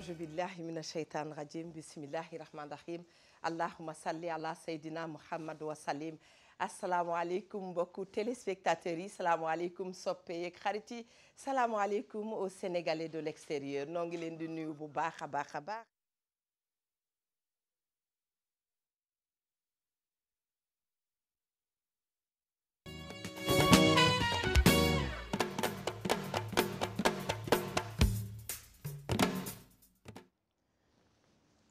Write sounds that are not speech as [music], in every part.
aouzu billahi mina sheytaani rajim bismillahi rahmaani rahim allahuma salli ala saydina muhammad wa salim asalaamaaleykum mbokku téléspectateurs yi salaamaaleykum soppe yeeg xarit yi salaamaaleykum aux sénégalais de l' extérieur noo ngi leen di nuyu bu baax a baax a baax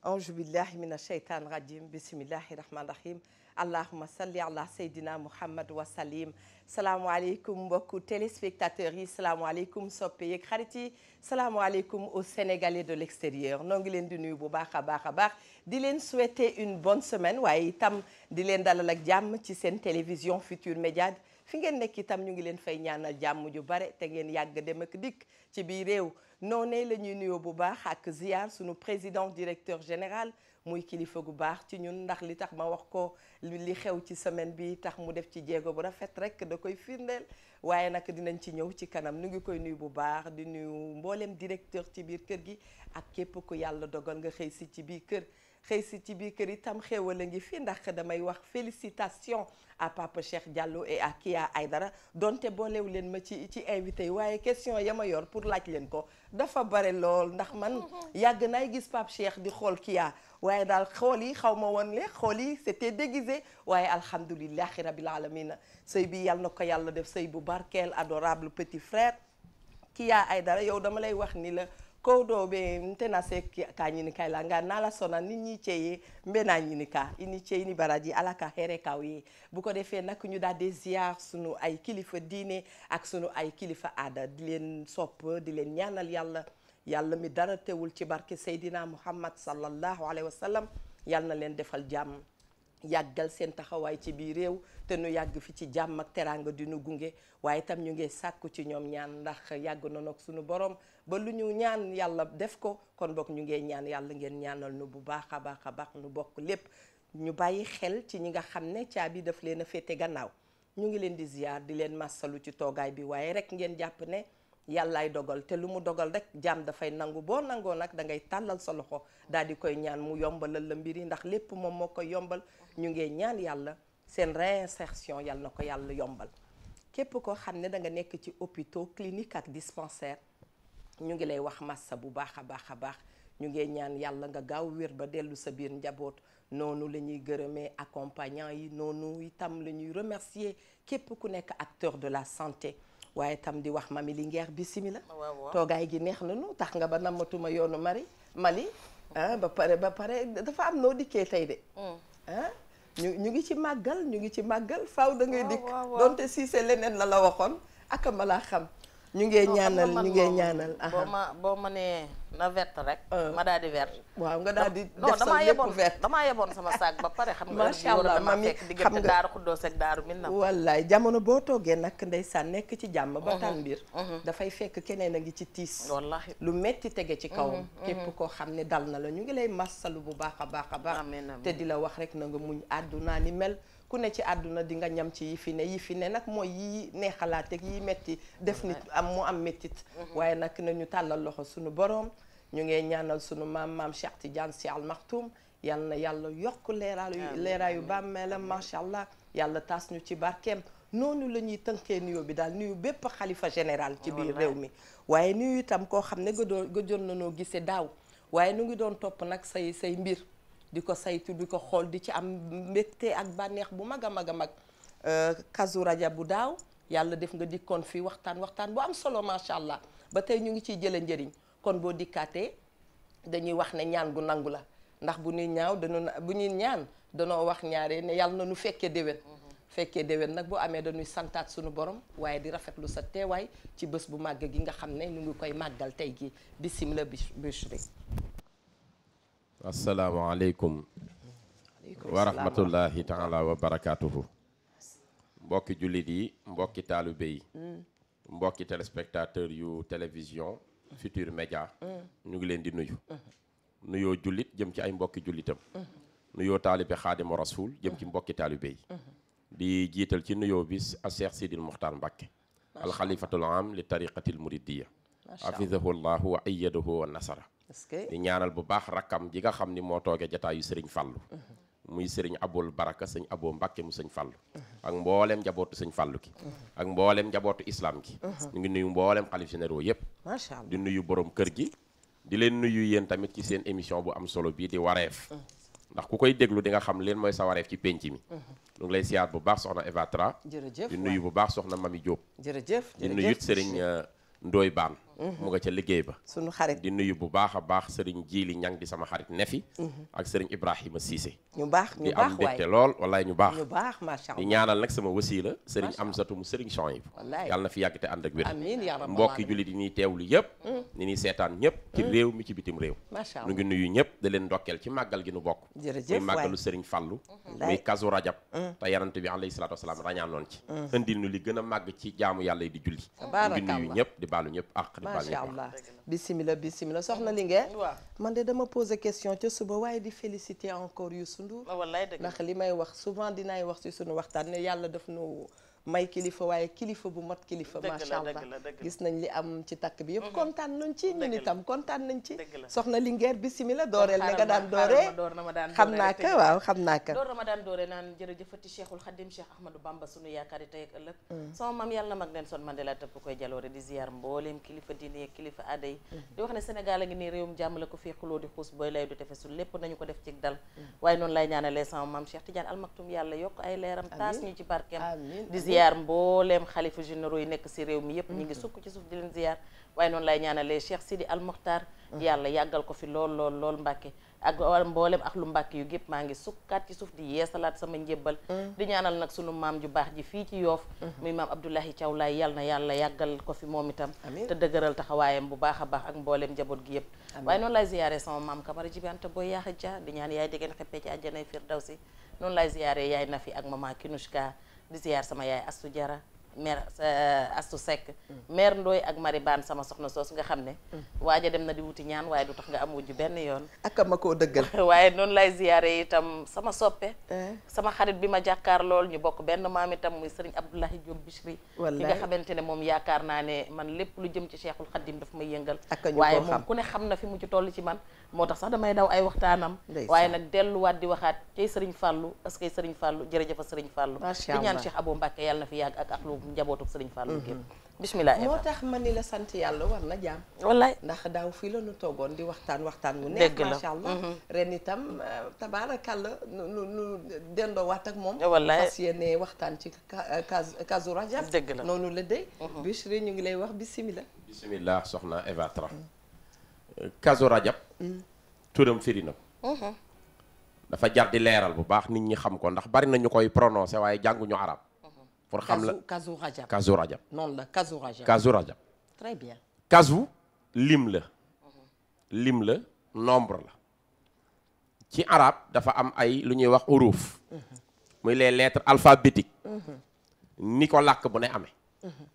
auzu billahi min asheytan rajim bisimillahi rahman rahim allahuma salli ala seydina muhammad wa salim salaamaaleykum mbokku téléspectateurs yi salaamaaleykum soppe yeeg xarit yi salaamaaleykum aux sénégalais de l'extérieur noo ngi leen di nuyu bu baax a baax a baax di leen souhaiter une bonne semaine waaye itam di leen dalal ak jàmm ci seen télévision Futur Média fi ngeen nekk itam ñu ngi leen fay ñaanal jàmm ju bare te ngeen yàgg dem ak dikk ci biir réew noonee la ñuy nuyoo bu baax ak ziar suñu président directeur général muy kilifa gu baax ci ñun ndax li tax ma wax ko li xew ci semaine bi tax mu def ci jéego bu rafet rek da koy firndeel waaye nag dinañ ci ñëw ci kanam nu ngi koy nuyu bu baax di nuyu mbooleem directeur ci biir kër gi ak képp ku yàlla dogal nga xëy si ci biir kër xëy si ci biir kër itam xéewal a ngi fi ndax damay wax félicitation à Papa Cheikh Diallo et à Kia Aydara donte boolew leen ma ci ci invité yi waaye question ya ma yor pour laaj leen ko dafa bare lool ndax man mhm. yàgg naay gis Pape Cheikh di xool Kia waaye daal xool yi xaw ma woon le xool yi c'était déguisé waaye alhamdulilahi rabil alamina sëy bi yàlla na ko yàlla def sëy bu barkel adorable petit frère ay Aydara yow dama lay wax ni la kowɗo ɓe tena sekki ka ñini kayla nga nala sona nit ñi ceye mbena ñini ka ini ceyni baraji ala ka here kaw yi bu ko defee nag ñu daal di ziar sunu ay kilifa diine ak sunu ay kilifa aada di leen sopp di leen ñaanal yàlla yàlla mi dara teewul ci barke Seydina Muhammad sallallahu alayhi wa sallam yàlla na leen defal jàmm yàggal seen taxawaay ci biir réew te nu yàgg fi ci jàmm ak teraanga di nu gunge waaye itam ñu ngi sàkku ci ñoom ñaan ndax yàgg na nag suñu borom ba lu ñu ñaan yàlla def ko kon boog ñu ngi ñaan yàlla ngeen ñaanal nu bu baax a baax a baax nu bokk lépp ñu bàyyi xel ci ñi nga xam ne caabi daf leen a féete gannaaw ñu ngi leen di ziar di leen màssalu ci toogaay bi waaye rek ngeen jàpp ne yàllaay dogal te lu mu dogal rek jaam dafay nangu boo nangoo nag da ngay tàllal sa loxo daal di koy ñaan mu yombalal la mbir yi ndax lépp moom moo ko yombal ñu ngee ñaan yàlla seen réinsertion yàlla na ko yàlla yombal képp koo xam ne da nga nekk ci hôpitaux clinique ak dispensaire ñu ngi lay wax massa bu baax a baax a baax ñu ngee ñaan yàlla nga gaaw wér ba dellu sa biir njaboot noonu la ñuy gërëmee accompagnant yi noonu itam la ñuy remercier képp ku nekk acteur de la santé waaye tam di wax ma ngeex mami Linguère bismillah ah, toogaay gi neex nanu tax nga ba namatuma yoonu mari Mali ah, ba pare ba pare dafa am noo dikkee tey de hmm. ah, ñu ñu ngi ci màggal ñu ngi ci màggal faaw da ngay dikk donte siise leneen la la waxoon ak ma laa xam ñu ngee ñaanal ñu ngee ñaanal boo ma boo ma nee na vert rek. Ah. ma daal di vert. waaw nga daal di def sa lépp vert damaa yeboon sama saag ba pare. xam nga macha allah mami fekk diggante daaru xuddoos ak daaru min na. wallaay jamono boo toogee nag ndeysaan nekk ci jàmm. ba mhm. tàmbir. Mhm. dafay fekk keneen a ngi ci tiis. wallaahi lu metti tege ci kawam. Mhm, képp koo xam ne dal na la ñu ngi lay massalu bu baax a baax a baax. te di la wax rek na nga muñ àddunaa ni mel. ku ne ci àdduna di nga ñam ci yi fi ne yi fi ne nag mooy yi neexalaat ak yi metti def nit am mu am mettit mhm. waaye nag na ñu tàllal loxo sunu borom ñu ngee ñaanal sunu maam maam Cheikh Tidiane Sy Al Maktoum yal na yàlla yokk leeraayu leeraayu bàmmeelam macha allah yàlla taas ñu ci barkeem noonu lañuy tënkee nuyoo bi daal nuyu bépp xalifa général ci biir réew mi waaye nuyu itam koo xam ne gëdoo gëjoon na noo gisee daaw waaye nu ngi doon topp nag say say mbir di ko saytu di ko xool di ci am mbégte ak bànneex bu mag a mag a mag euh, kazu raja bu daaw yàlla def nga dikkoon fii waxtaan waxtaan bu am solo macha allah ba tey ñu ngi ciy jëlee njëriñ kon boo dikkaatee dañuy wax ne ñaan gu nangu la ndax bu ñuy ñaaw dañu bu ñuy ñaan danoo wax ñaaree ne yàlla na nu fekkee déwén. Mm-hmm. fekkee déwén nag boo amee dañuy santaat suñu borom waaye di rafetlu sa teewaay ci bés bu màgg gi nga xam ne ñu ngi koy màggal tey gi bisimilah asalaamaaleykum wa rahmatullahi taala wa barakaatuhu mbokki jullit yi mbokki taalibe yi mm. mbokki téléspectateur yu télévision Futurs Médias mm. ñu ngi leen di nuyu mm-hmm. nuyoo jullit jëm ci ay mbokki jullitam mm-hmm. nuyoo taalibe xaadima rasul jëm ci mm-hmm. mbokki taalibe yi di jiital ci nuyoo bi a Cheikh Sidil Muxtaar Mbàkke alxalifatul am li tariqatil muridiyya hafizahu llahu wa ayyadahu wa nasara di ñaanal bu baax rakkam ji nga xam ni moo toogee jataayu sëriñ Fallou muy sëriñ abul baraka sëñ aboo mbàkke mu sëñ fàllu ak mbooleem njabootu sëñ fàllu ki ak mbooleem njabootu islam gi mu ngi nuyu mbooleem xalif généraux yépp macha allah di nuyu borom kër gi di leen nuyu yéen tamit ci seen émission bu am solo bii di wareef ndax ku koy déglu di nga xam leen mooy sa wareef ci penc mi ñu ngi lay siyaar bu baax soxna Eva Tra jërëjëf di nuyu bu baax soxna Mami Diop jërëjëf di nuyu it sëriñ euh, Ndoye mu nga ca liggéey ba sunu xarit di nuyu bu baax a baax sëriñ Jiili Ñang di sama xarit nefi ak sëriñ Ibrahima Cissé ñu baax ñu baax waay di am mbégte lool wallaay ñu baax ñu baax macha allah di ñaanal nag sama wasiila sëriñ Amsatu mu sëriñ Chouaib yàlla na fi yàgg te ànd ak wér amiin yaa rabbi mbokki jullit yi ñuy ni ñuy seetaan ñëpp ci mm. réew mi ci bitim réew macha ngi nuyu ñëpp da leen ndokkeel ci màggal gi nu bokk muy màggalu sëriñ Fallu mm-hmm. muy kasu rajab mm. te yarante bi alayhi salaatu wasalaam rañaanoon ci indil mm. nu li gën a màgg ci di macha allah bisimila bisimila soxna li ngeen man de dama poser question ca suba waaye di féliciter encore Youssou Ndour ndax li may wax souvent dinaay wax ci sunu waxtaan ne yàlla daf nu may kilifa waaye kilifa bu mat kilifa macha allah gis nañ li am ci takk bi yëpp mm-hmm. kontaan nañ ci ñun itam kontaan nañ ci soxna Linguère bisimila dooreel na nga daan dooree xam naa ka waaw xam naa ka door na ma daan doore naan jërëjëfati cheikhul xadim cheikh ahmadou bamba sunu yaakaar yi tey ak ëllëg mm. sama maam yàlla mag leen son Mandela tëpp koy jaloore di mbooleem kilifa diine kilifa aada yi mm. di wax ne Sénégal a ngi nii réewum jàmm la ko fii xuloo di xuus booy mm. lay du ziar mbooleem xalifa généraux yi nekk si réew mi yépp ñu ngi mm-hmm. sukk ci suuf di leen ziar waaye noonu lay ñaanalee Cheikh Sidi Al mm-hmm. yàlla yàggal ko fi lool lool lool ak mboolem ak lu Mbàkke yu gépp maa ngi sukkaat ci suuf di yeesalaat sama njébbal mm-hmm. di ñaanal nag sunu maam ju baax ji fii ci yoof muy maam Abdoulahi Thiaw Laay yàlla na yàlla yàggal ko fi moom itam te dëgëral taxawaayam bu baax a baax ak mbooleem njaboot gi yépp waaye noonu lay ziyaare sama maam Kamara Jibi Anta booy yaaxa ja di ñaan yaay dégeen xeppee ci àjjanay firdawsi noonu lay ziyaare yaay Nafi ak mama Kinushka di ziar sama yaay Astu Jara mère Astou Seck mère Ndoye ak Marie Bane sama soxna soos nga xam ne waaja dem na di wuti ñaan waaye du tax nga am wujj benn yoon ak ma koo dëggal [laughs] waaye noonu lay ziyaare itam sama soppe eh? sama xarit bi ma jàkkaar lool ñu bokk benn maam itam muy sëriñ Abdoulahi Diop Bichri ki nga xamante ne moom yaakaar naa ne man lépp lu jëm ci Cheikhul Khadim daf ma yëngal waaye moom ku ne xam na fi mu ci toll ci man moo tax sax damay daw ay waxtaanam waaye nag delluwaat di waxaat cay sëriñ Fàllu parce que sëriñ Fàllu jërëjëfa sëriñ Fàllu di ñaan Cheikh Abou Mbacke yàlla na fi yàgg ak axlu njabootu Serigne Fallou mhm. gépp bismillah moo tax ma ni la sant yàlla war na jaam wallaay ndax daaw fii la ñu toogoon di waxtaan waxtaan wu neex macha allah mhm. ren itam euh, tabaarakàlla nu nu dendoo waat ak moom wallaay fas waxtaan ci kazu rajab dëgg la noonu la dey mhm. Bichri ñu ngi lay wax bisimila bismillah soxna Eva Tra euh, kazu rajab turam firi ko dafa jar di leeral bu baax nit ñi xam ko ndax bari nañu ñu koy prononcé waaye jànguñu arab pour xam la kazu rajab kazu rajab noonu la kazu rajab kazu rajab très bien kazu lim la lim la nombre la ci arab dafa am ay lu ñuy wax huruf muy les lettres alphabétiques ni ko làkk bu ne amee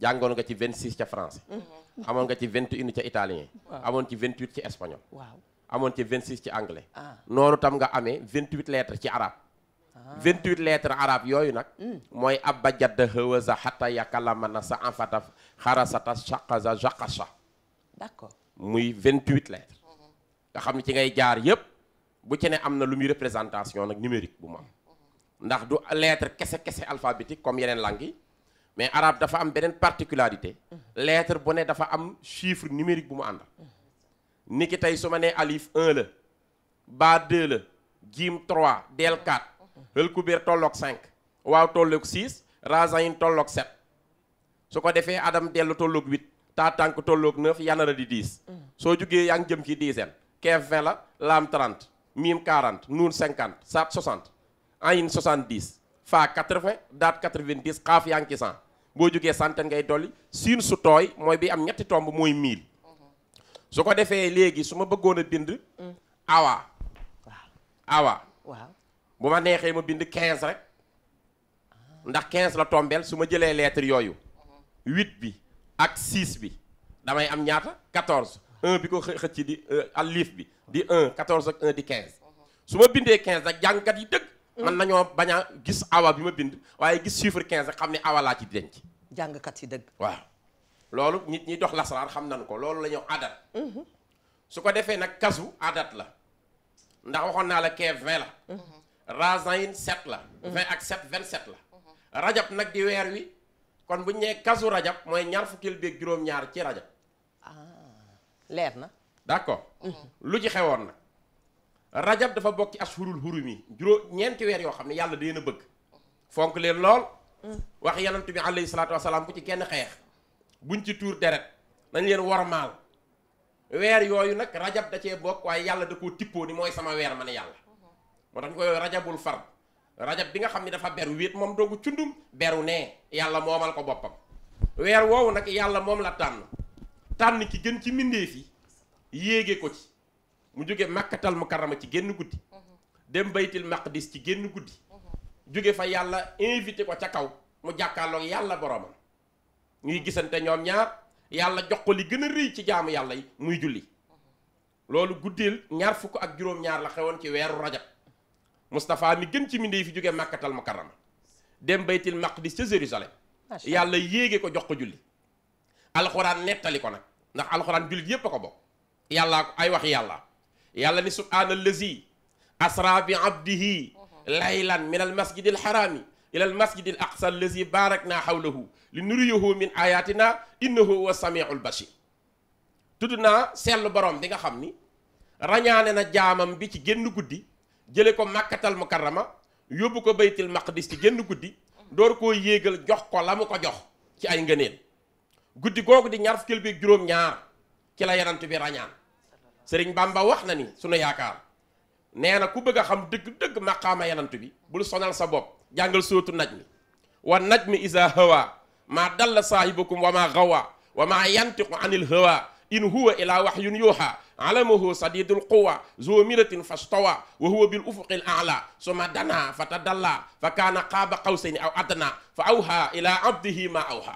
jàngoon nga ci 26 ca français amoon nga ci 21 ca italien amoon ci 28 ci espagnol waaw amoon ci 26 ci anglais ah. noonu tam nga amee 28 lettres ci arab vingt 28 lettres arabes yooyu nag hmm. mooy abba jadda hawaza hatta yakalama na sa enfata xarasata shaqaza jaqasha d'accord muy 28 lettres nga xam ne ci ngay jaar yépp bu ci ne am na lu muy représentation nag numérique bu mu am ndax du lettre kese kese alphabétique comme yeneen langue mais arabe dafa am beneen particularité lettre bu ne dafa am chiffre numérique bu mu àndal ni ki tey su ma nee alif 1 la ba 2 la del 4 hël kubéer tolloog 5 waaw tolloog 6 rasayin tolloog 7 su ko defee adam dellu tolloog 8 taa tànk tolloog 9 yanara di 10 soo jugee yaa ngi jëm ci dizaine keef 20 la laam 30 miim 40 nuun 50 saat 60 ayin 70 faa 80 daat 90 xaaf yaa ngi ci 100 boo jugee centaine ngay dolli siin su tooy mooy bi am ñetti tomb mooy 1000 su ko defee léegi su ma bëggoon a bind mm. awa awa bu ma neexee ma bind 15 rek ndax 15 la tombeel su ma jëlee lettre yooyu 8 bi ak 6 bi damay am ñaata 14 1 bi ko xëcc di euh, alif bi di 1 14 ak 1 di 15 su ma bindee quinze nag jàngkat yi dëgg. mën nañoo bañ a gis awa bi ma bind waaye gis chiffre 15 rek xam ne awa laa ci denc. jàngkat yi dëgg. waaw loolu nit ñi dox lasaraar xam nañu ko loolu la adat. Mhm. su ko defee nag kasu adat la ndax waxoon naa la 15 20 la. Mhm. razayin sept la mhm. vingt ak sept vingt sept la rajab nag di weer wi kon bu ñu nee kasu rajab mooy ñaar fukkil beeg juróom-ñaar ci rajab ah leer na d'accord mhm. lu ci xewoon nag rajab dafa bokk ci ashurul hurum yi juróom ñeenti weer yoo xam ne yàlla dina bëgg fonk leen lool mm. wax yonent bi alayhi salaatu wasalaam ku ci kenn xeex buñ ci tuur deret nañ leen warmaal weer yooyu nag rajab da cee bokk waaye yàlla da koo tippoo ni mooy sama weer man yàlla moo tax ñu koy rajabul fard rajab bi nga xam ne dafa ber wéet moom doogu cundum beru nee yàlla moomal ko boppam weer woowu nag yàlla moom la tànn tànn ci gën ci mbindeef yi yéege ko ci mu jóge màkkatal mukarrama ci génn guddi dem baytil maqdis ci génn guddi jóge fa yàlla invité ko ca kaw mu jàkkaarloog yàlla boromam ñuy gisante ñoom ñaar yàlla jox ko li gën a rëy ci jaamu yàlla yi muy julli loolu guddeel ñaar fukk ak juróom-ñaar la xewoon ci weeru rajab Moustapha mi gën ci mindee fi jógee màkkatal mukarrama dem baytil maqdis ca Jérusalem yàlla yéege ko jox ko julli alxuraan nettali ko nag ndax alxuraan jullit yépp a ko bokk yàlla ay wax yàlla yàlla ni subhaana allazi asra bi abdihi laylan min al masjid al xaraami ila al masjid al aqsa allazi barak naa xawlahu li nuriyahu min ayatina innahu huwa samiul bashir tudd naa seetlu borom bi nga xam ni rañaane na jaamam bi ci génn guddi jële ko màkkatal mukarrama yóbbu ko baytil maqdis ci génn guddi door koo yéegal jox ko la mu ko jox ci ay ngëneel guddi googu di ñaar fukkeel bi juróom ñaar ci la yanant bi ràññaan sëriñ ba wax na ni sunu yaakaar nee na ku bëgg a xam dëgg-dëgg maqaama yanant bi bul sonal sa bopp jàngal sóotu naj mi wa naj mi isa hawa maa dalla saahibukum wa maa gawa wa maa yantiqu anil hawa in huwa ila wahyun yuha alamahu sadidul quwa zo miratin fastawa wa huwa bil ufuqil a'la suma dana fatadalla fa kaana qaaba qawsayni aw adna fa awha ila abdihi ma awha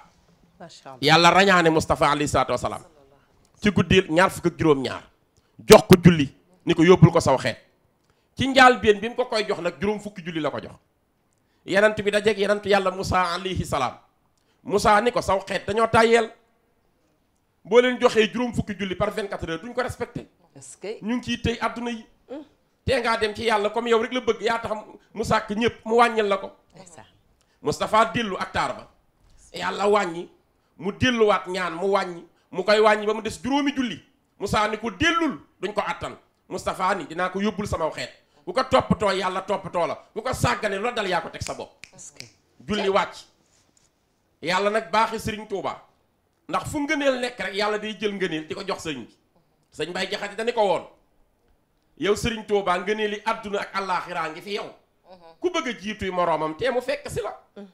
yàlla rañaane Moustapha alayhi salaatu ci guddi ñaar fukk julli ni ko yóbbul ko saw ci njaal bien bi ko koy jox nag juróom fukki julli la ko jox yenent bi dajeeg yenent yàlla Moussa alayhi salaam Moussa ni ko saw xeet dañoo tàyyeel boo leen joxee juróom fukki julli par 24 heures duñ ko respecté. est-ce ñu ngi ciy tey àdduna yi. tee ngaa dem ci yàlla comme yow rek la bëgg yaa tax mu sàkk ñëpp mu wàññil la ko. Moustapha dellu ak taar ba. yàlla wàññi mu delluwaat ñaan mu wàññi mu koy wàññi ba mu des juróomi julli Moussa ni ko dellul duñ ko attan Moustapha ni dinaa ko yóbbul sama xeet bu ko toppatoo yàlla toppatoo la bu ko sàggane loola dal yaa ko teg sa bopp. julli wàcc yàlla nag baaxi Serigne ndax fu ngëneel nekk rek yàlla day jël ngëneel di ko jox sëñ bi sëñ Baye Jaxate dañu ko woon yow sëriñ Tuubaa ngëneeli àdduna ak àllaaxiraa ngi fi yow mhm. ku bëgg a jiituy moroomam te mu fekk si la mhm.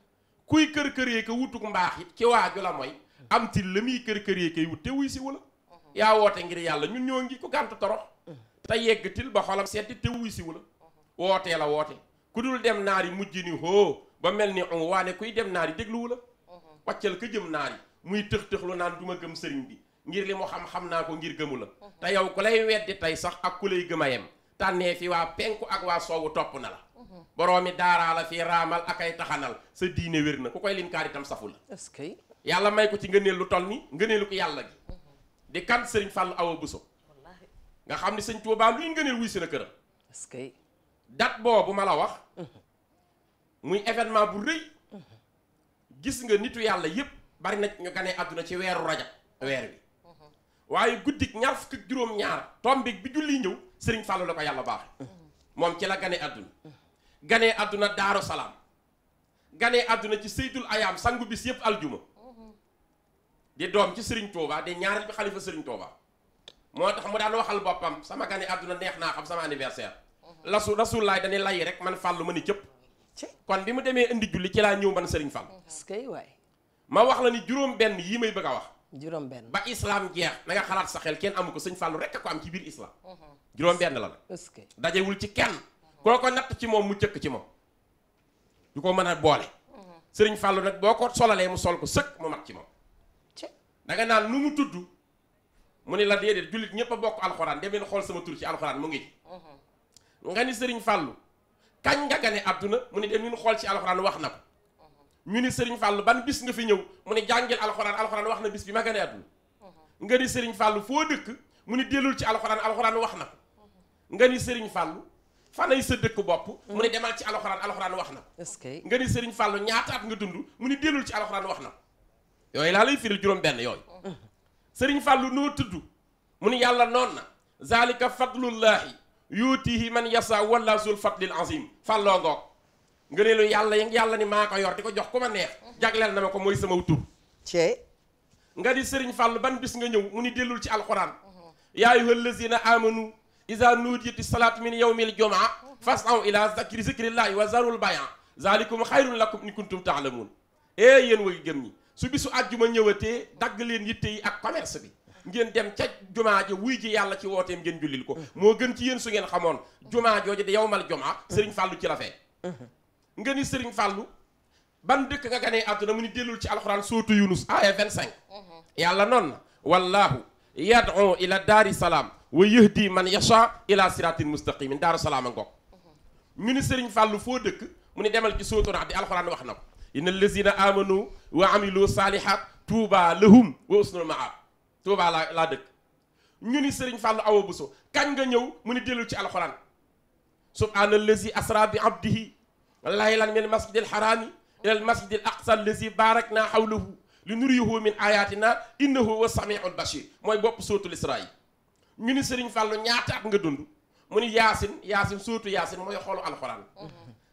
kuy kër këree ka wutuk mbaax it ci waaju la mooy am til la muy kër këree kay wut te wuy si wala mhm. yaa woote ngir yàlla ñun ñoo ngi ko gànt torox te yegg til ba xolam sedd te wuy si wala wootee la woote ku dul dem naar yi mujj ni hoo ba mel ni on waane kuy dem muy tëx tëx lu naan du ma gëm sëriñ bi ngir li mu xam-xam naa ko ngir gëmu la te yow ku lay weddi tey sax ak ku lay gëm a yem tànnee fi waa penku ak waa soowu topp na la boroomi daaraa la fi raamal ak ay taxanal sa diine wér na ku koy linkaar itam safu la que yàlla may ko ci ngëneel lu toll ni ngëneelu ko yàlla gi di kan sëriñ Fàllu Awa Buso nga xam ni sëñ Tuubaa luy ngëneel wuy si na kër est-ce que date boobu ma la wax mhm. muy événement bu rëy mhm. gis nga nitu yàlla yépp bari na ñu ganee àdduna ci weeru rajab weer wi waaye guddik ñaar fukk ak juróom-ñaar tombik bi julli ñëw sëriñ Fallou la ko yàlla baax moom ci la ganee àdduna ganee àdduna daaru salaam ganee àdduna ci seydul ayaam sangu bis yëpp aljuma di doom ci sëriñ Touba di ñaareel bi xalifa sëriñ Touba moo tax mu daan waxal boppam sama ganee àdduna neex naa xam sama anniversaire lasu rasulaay dañuy lay rek man Fallou ma ni cëpp kon bi mu demee indi julli ci laa ñëw man sëriñ Fallou ma wax la ni juróom-benn yii may bëgg a wax. juróom-benn ba islaam jeex na nga xalaat sa xel kenn amu ko sëñ Fallou rek a ko am ci biir islam. Mhm. juróom-benn la la. dajewul ci kenn. Mhm. koo ko natt ci moom mu jëkk ci moom. du ko mën a boole. Mhm. sëriñ Fallou nag boo ko solalee mu sol ko sëkk mu mat ci moom. da naan lu mu tudd mu ne la déedéet jullit ñëpp bokk alxuraan dem xool sama tur ci alxuraan mu ngi ci. nga ni sëriñ Fallou kañ nga gane àdduna mu ne dem xool ci alxuraan wax na ñu ni Serigne Fallou ban bis nga fi ñëw mu ne jàngil alxuraan alxuraan wax na bis bi ma gane àdduna mhm. nga ni Serigne Fallou foo dëkk mu ni dellul ci alxuraan alxuraan wax na ko mhm. nga ni Serigne Fallou fanay sa dëkk bopp mu ne mhm. ci alxuraan alxuraan wax na ko nga ni Serigne Fallou ñaata at nga dund mu ni dellul ci alxuraan wax na ko yooyu laa lay firil juróom benn yooyu Serigne Fallou noo tudd mu ni yàlla noon na zalika fadlullahi yuutihi man yasa wala zul fadlil azim fàlloo ngoog ngëneelu yàlla yi yàlla ni maa ko yor di ko jox ku ma neex mhm. jagleel na ma ko mooy sama tur cee nga di sëriñ fàllu ban bis nga ñëw mu ni dellul ci alxuraan mhm. yaa ayyuhal lazina amanu iza nuudiyati salaat min yawmil jumaa mhm. fasaw ila zakri zikrillahi wa zarul bayan zalikum xayrun lakum in kuntum taalamuun ee eh, yéen way gëm ñi su bisu àjjuma ñëwatee dagg leen yitte yi ak commerce bi ngeen dem ca jumaa ja wuy ji yàlla ci wooteem ngeen jullil ko moo gën ci yéen su ngeen xamoon jumaa jooju de yowmal jumaa sëriñ fàllu ci la fee nga ni Serigne Fallou ban dëkk nga ganee àdduna mu ni dellul ci alxuraan sootu Yunus aaya 25. yàlla noonu na wallaahu yad'u ila daari salaam wa yahdi man yasha ila siratin mustaqimin daaru a ngoog ñu ni Serigne Fallou foo dëkk mu ni demal ci sootu na di alxuraan wax na ko inna allazina amanu wa amilu salihat tuuba lahum wa usnul maab tuuba laa laa dëkk ñu ni Serigne Fallou Awa Bousso kañ nga ñëw mu ni dellul ci alxuraan subhaana allazi asra bi wallahi lan min al masjid al harami ila al masjid al aqsa allazi barakna hawlahu min ayatina innahu huwa samiul bashir mooy bopp sóotul isra yi ñu ni ñaata at nga dund mu ni yaasin yaasin sóotu yaasin mooy xoolu alxuraan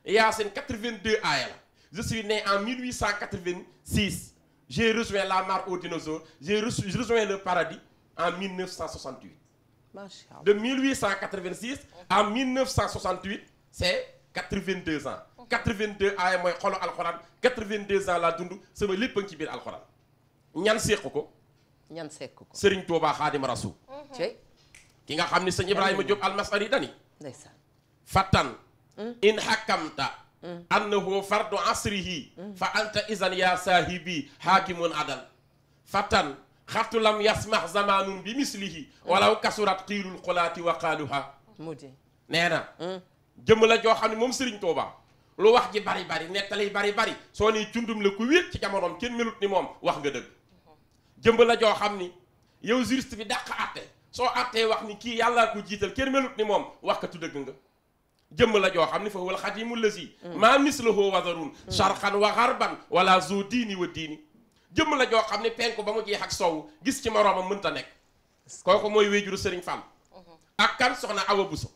yaasin 82 aaya la je suis en 1886 j'ai la mare aux dinosaures j'ai rejoint le paradis en 1968 de 1886 à 1968 c'est 82 aaya mooy xolu alxuraan 82 ans laa dund sama lépp a ngi ci biir alxuraan ñan seq ko. ñan seq ko Serigne Touba Xaadim Rasul. Mhm. ki nga xam ni sëñ Ibrahima Diop almasari dani. ndeysaan fattan. Hmm? in xakamta. Hmm. annahu fardu asrihi. Hmm. fa anta isan yaa saahibi xaakimun adal. fattan xartu lam yasmax zamanun bi mislihi. walaw kasurat xiirul xulaati wa qaaluha. mu di nee na. jëmm la joo xam ne moom Serigne Touba. lu wax ji bari bari nettali bari bari soo nii cundum la ku wéet ci jamonoom kenn melut ni moom wax nga dëgg jëmb la joo xam ni yow juriste bi dàq àtte soo àttee wax ni kii yàllaa jiital kenn melut moom wax katu dëgg nga jëmm la joo xam ni fa huwal xadimu lazi mm. maa mislahu wazarun mm. sharqan wa gharban wala zo diini wa diini jëmb la joo xam ni penku ba mu jeex ak sow gis ci moroomam mënta nekk kooku mooy wéejuru sëriñ Fall mm-hmm. ak kan soxna Awa Buso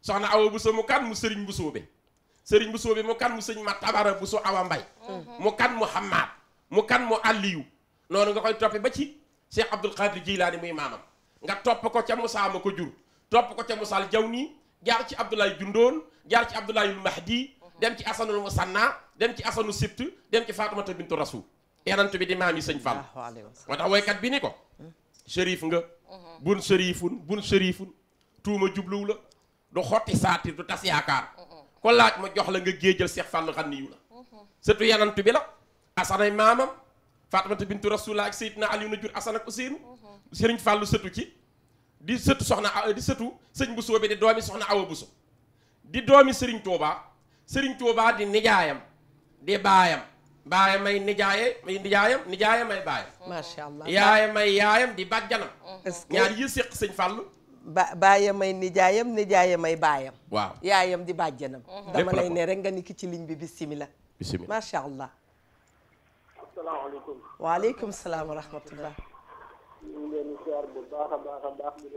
soxna Awa Buso mu kan mu sëriñ Busoobe sëriñ bu soobee mu kan mu sëñ ma tabara bu su awa mbay mhm. mu kan mu hammaad mu kan mu àlliyu noonu nga koy toppe ba ci cheikh abdul qadir jilaani muy maamam nga topp ko ca musaa ma ko jur topp ko ca musaal jaw nii jaar ci abdoulaye jundoon jaar ci abdoulayeul mahdi mhm. dem ci asanul musanna dem ci asanu sibt dem ci fatumata bintu rasul yanantu bi di maam yi sëñ Fall moo tax woykat bi ni ko shérif hmm? nga mhm. bun shérifun bun shérifun tuuma jubluw la du xotti saati du tas yaakaar ko laaj ma jox la nga géejal Seex Fàllu xam ni yu la mhm. surtout yanantu bi la asanay maamam Faatimata bintu Rasulullah ak Seydina Aliyu na jur asan ak Useynu mhm. Sëriñ Fàllu sëtu ci di sëtu soxna di sëtu sëñ Buso bi di doomi soxna Awa Buso di doomi Sëriñ Tuubaa Sëriñ Tuubaa di nijaayam di baayam baayam may nijaaye may nijaayam nijaayam may baayam macha allah yaayam di bàjjanam ñaar yi séq sëñ Fàllu ba baayam ay nijaayam nijaayam ay baayam. waaw yaayam di bàjjanam. dama lay ne rek ni ki ci ligne bi bisimilah. bisimilah macha allah. asalaamaaleykum. waaleykum salaam wa rahmatullah. ñu ngi leen di ziar bu baax a baax bi.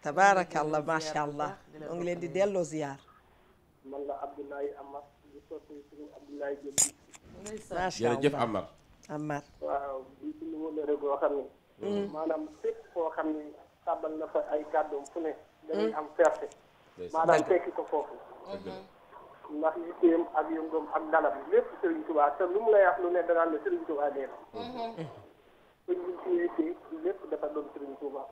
tabaarakallah macha allah ñu ngi leen di delloo ziar. man la Abdoulaye Amar di soppi suñu Abdoulaye sàbbal na fa ay kàddoom fu ne hmm. dañuy am fierté maanaam tekki ko foofu hmm. ndax yitteem ak yëngoom ak dalam lépp Serigne Touba te lu mu lay wax lu ne danaan ne Serigne Touba nee na sëñ hmm. bi lépp dafa doon Serigne Touba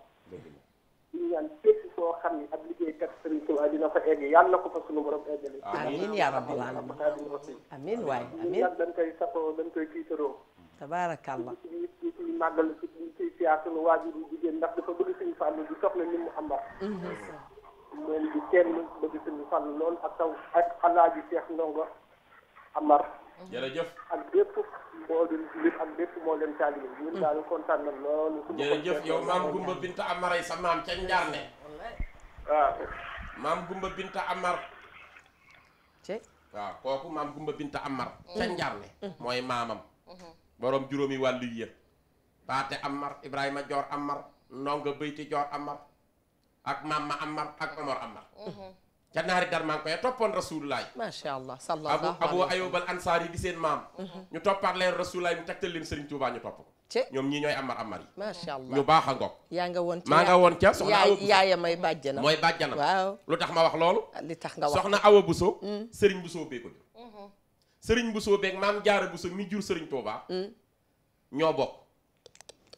ñu ñaan fépp foo xam ne ab liggéeykat Serigne Touba dina fa egg yàlla na ko fa sunu borom eggale. amiin yaa rabbal aalamiin amiin waay amiin dañ koy safoo dañ koy tiitaroo. tabaarakàlla. ñu ci ci màggal ci ci siyaar sunu waajur yu jigéen ndax dafa bëgg suñu fàllu di soxla ni mu ambar. Mhm. moom di kenn bëgg suñu fàllu lool ak saw ak alaaji Cheikh Ndongo Amar. Mhm. jërëjëf ak bépp mboolem jullit ak bépp mboolem taalibe bi ñun daal kontaan na loolu jërëjëf yow maam Gumba Binta Amar ay sa maam ca Njaarne waaw maam Gumba Binta Amar waaw kooku maam Gumba Binta Amar ca mhm. Njaarne mhm. mooy maamam borom juróomi wàllu yi Paate Amar Ibrahima Joor Amar Ndonga Bëyti Joor Amar ak Mama Amar ak Omar Amar ca naari darmanko ya toppoon rasululaay macha allah sallallahu alayhi abu ayub al ansaari di seen maam mhm. ñu toppaat leen rasululaay mu tegtal leen Serigne Touba ñu topp ko ñoom ñii ñooy amar amar yi ñu baax a yaa nga woon maa nga woon ca soxna awa may bàjjanam mooy bàjjanam waaw lu tax ma wax loolu ah, li tax nga wax soxna awa buso mm. sëriñ buso bee ko jur mhm. sëriñ buso beeg maam jaara buso mi jur sëriñ Touba mm. ñoo bokk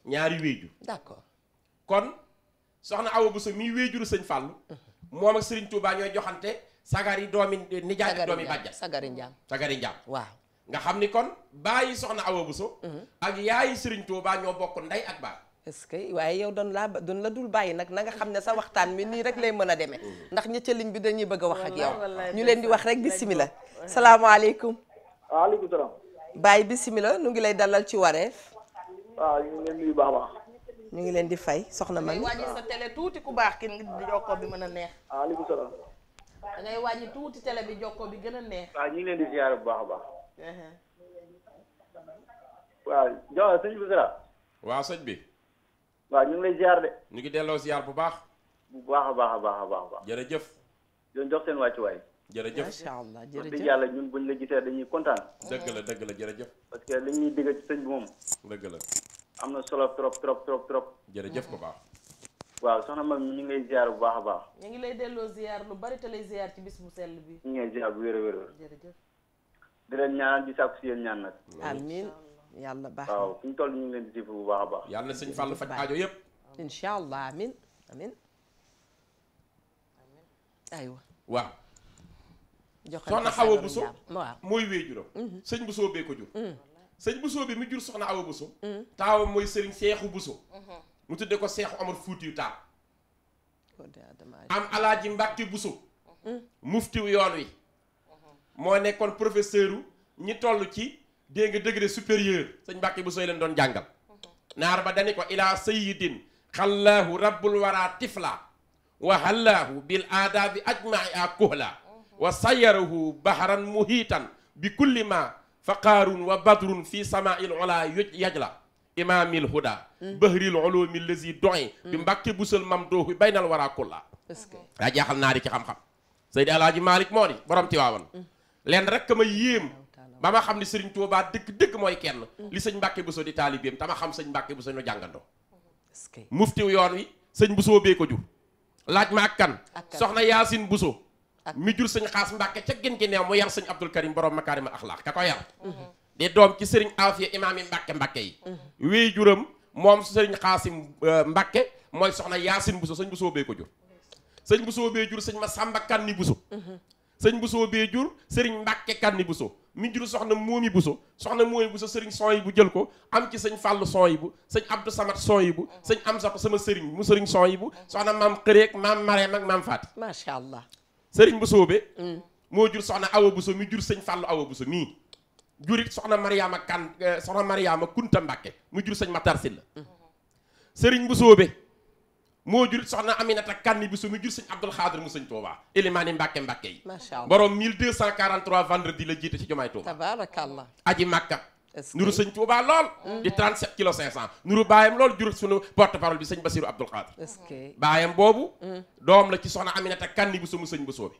ñaari wéejur d'accord kon soxna awa buso mi wéejuru sëñ Fallou mm. moom ak Serigne Touba ñooy joxante sagari doomi nijaay ak doomi bàjjan sagari njaam sagari njaam waaw nga xam ni kon bàyyi soxna Awa Bousso mhm. ak yaayi Serigne Touba ñoo bokk ndey ak baay est que waaye yow doon laa doon la dul bàyyi nag nanga xam ne sa waxtaan mi nii rek lay mën a demee mhm. ndax ñi ca ligne bi dañuy bëgg a wax ak yow ñu leen di wax rek bisimilah salaamaaleykum waaleykum salaam Baye bisimilah nu ngi lay dalal ci wareef waaw ñu leen nuyu baax baax ñu ngi leen di fay soxna man. waaw wàññi sa télé tuuti ku baax ki jokkoo bi mën a neex. waaleykum ah, salaam. da ngay wàññi tuuti télé bi jokkoo bi gën a neex. waaw ah, ñu ngi leen di ziare bu baax a baax. Uh-huh. waaw Diaw sëñ bi bi. waaw ñu ngi lay ziar de. ngi delloo ziar bu baax. bu baax a baax a baax a baax a baax. jërëjëf. doon jox seen wàccuwaay. jërëjëf macha allah jërëjëf dëgg yàlla ñun buñ la gisee dañuy kontaan. dëgg la dëgg la jërëjëf. parce que dañuy digg ci sëñ bi moom. dëgg la. am na solo trop trop trop trop. jërëjëf bu baax. waaw soxna Mame ñu ngi lay ziar bu baax a baax. ñu ngi lay delloo ziar lu bari te lay ziar ci bis bu sell bi. ñu ngi lay ziar bu wér a wér. jërëjëf. di leen ñaanal ji sàkku si yéen ñaan nag. amiin yàlla baax waaw fi ñu toll ñu ngi leen di bu baax a baax. yàlla na sëñ Fall faj aajo yëpp. incha allah amiin amiin. aywa waaw. jox ko soxna Xawa waaw mooy wéejuram. Mhm. sëñ Bousso bee ko jur. Mhm. sëñ Bousso bi mu jur soxna Awa Bousso mm. taawam mooy sëriñ Seexu Bousso mm-hmm. mu tudde ko Seexu Amar Fuutiyu Taal am alaaji Mbàkke Bousso mm-hmm. muftiw yoon wi mm-hmm. moo nekkoon professeur ñi toll ci dégg nga degré supérieur sëñ Mbàkke Bousso yi leen doon jàngal naar ba dani ko ilaa sayyidin xallaahu rabbul wara tifla wa hallaahu bil aadaabi ajma'i kuhla wa sayarahu bahran muhiitan bi kulli ma faqaarun wa badrun fi samail ola yoj yajla imaamil huda mm. bëhril ulumi lazi doy bi mm. mbàkke busal mam dooxu baynal wara kulla daa jaaxal naa di ci xam-xam Seydi Alaaji Malick moo di borom Tiwaawan mm. leen rek ma yéem ba ma xam ne sëriñ Tuubaa dëkk dëkk mooy kenn li sëñ Mbàkke Buso di taalibeem tama xam sëñ Mbàkke Buso ñu jàngandoo muftiw yoon wi sëñ Busoo bee ko jur laaj ma ak soxna Yaasin Buso mi jur sëñ xaas mbàkke ca gën gi neew mu yar sëñ abdul karim borom makaarima axlaaq ka ko yar di doom ci sëriñ afiya imaam yi mbàkke yi wéy juram moom sëriñ xaasim euh, mbàkke mooy soxna yaasin buso sëñ busoo bee ko jur sëñ busoo bee jur sëñ ma sàmba kanni buso sëñ busoo bee jur sëriñ mbàkke kanni buso mi jur soxna moomi buso soxna moomi buso sëriñ son yi bu jël ko am ci sañ fàllu son yi bu sëñ abdou samat son yi bu sëñ am sa ko sama sëriñ mu sëriñ son yi bu soxna maam xëreeg maam mareem ak maam faati macha allah sëriñ bu soobe mm. moo jur soxna awa buso mi jur sëñ fàllu awa buso mii jurit soxna mariama kan eh, soxna mariama kunta mbàkke mu jur sëñ matar silla mm. sëriñ bu soobe moo jurit soxna aminata kanni buso mi jur sëñ abdul xaadir mu sëñ touba élimaani mbàkke mbàkke yi borom 1243 vendredi la jiite ci jomaay touba tabarakallah aji màkka nuru sëñ Touba lool di kilo kilos 500 nuru baayam lool jur suñu porte parole bi sëñ Basirou Abdoul Khadir baayam boobu hmm. doom la ci soxna Aminata Kanni bu sumu sëñ bu soobe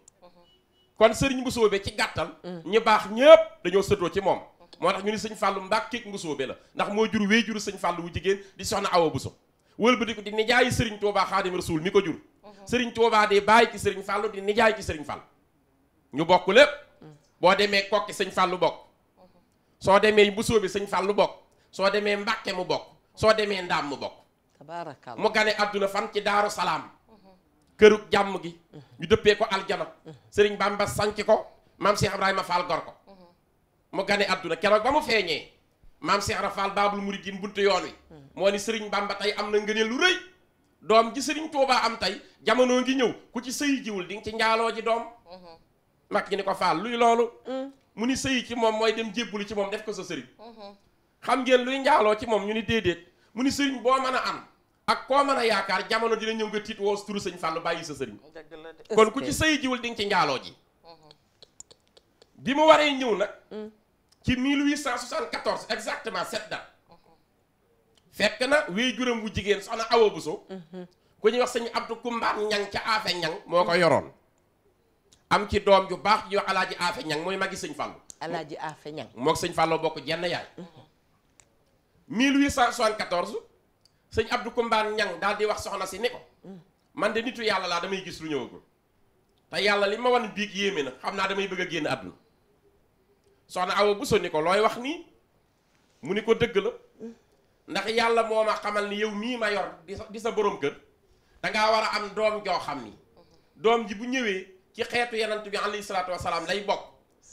kon sëriñ bu soobee ci gàttal hmm. ñi baax ñëpp dañoo sëtoo ci moom moo tax ñu ni sëñ Fàllu Mbàkke bu soobe la ndax moo jur wéy juru sëñ Fàllu wu jigéen di soxna Awa Bousso wëlbati ko di nijaayi sëriñ Touba Xaadim Rasul mi ko jur hmm. sëriñ Touba di bàyyi ci sëriñ Fàllu di nijaay ci sëriñ Fàllu ñu bokk lépp boo demee kokki sëñ Fàllu bokk soo demee Bousso bi sëñ Fall lu bokk soo demee Mbàkke mu bokk soo demee Ndaam mu bokk tabaarakallaah mu gane àdduna fan ci Daaru Salaam këru jàmm gi ñu dëppee ko aljana sëriñ Bamba sanc ko maam Cheikh Ibrahima Fall gor ko mu gane àdduna keroog ba mu feeñee maam Cheikh Ibra Fall Baabul Muridiin buntu yoon wi moo ni sëriñ Bamba tey am na ngëneel lu rëy doom ji sëriñ Tuubaa am tey jamono ngi ñëw ku ci sëy jiwul ci njaaloo ji doom uhuh. mag ñi ni ko Fall luy mu ni sëyi ci moom mooy dem jébbalu ci moom def ko sa sëriñ mm-hmm. xam ngeen luy njaaloo ci moom ñu ni déedéet mu ni sëriñ boo mën a am ak koo mën a yaakaar jamono dina ñëw nga tiit woo turu sëñ Fallou bàyyi sa sëriñ kon ku ci sëyi jiwul di nga ci njaaloo ji mm-hmm. bi mu waree ñëw nag mm. ci 1874 exactement cette date mm-hmm. fekk na wéy juróom wu jigéen soxna Awa Bousso ku ñuy wax sëñ Abdou Koumba ñang ca Afe ñang moo ko yoroon am ci doom ju baax ju alaaji aafe ñang mooy magi sëñ fàllu alaaji aafe ñang mook sëñ fàlloo bokk jenn yaay 1874 sëñ abdou kumbaan ñang daal di wax soxna si ni ko man de nitu yàlla laa damay gis lu ñëwagul te yàlla li ma wan biig yéeme na xam naa damay bëgg a génn àdduna soxna awa buso ni ko looy wax nii mu ni ko dëgg la ndax yàlla moo a xamal ni yow mii ma yor di sa di sa borom kër dangaa war a am doom joo xam ni doom ji bu ñëwee ci xeetu yenant bi alayhi salaatu wasalaam lay bokk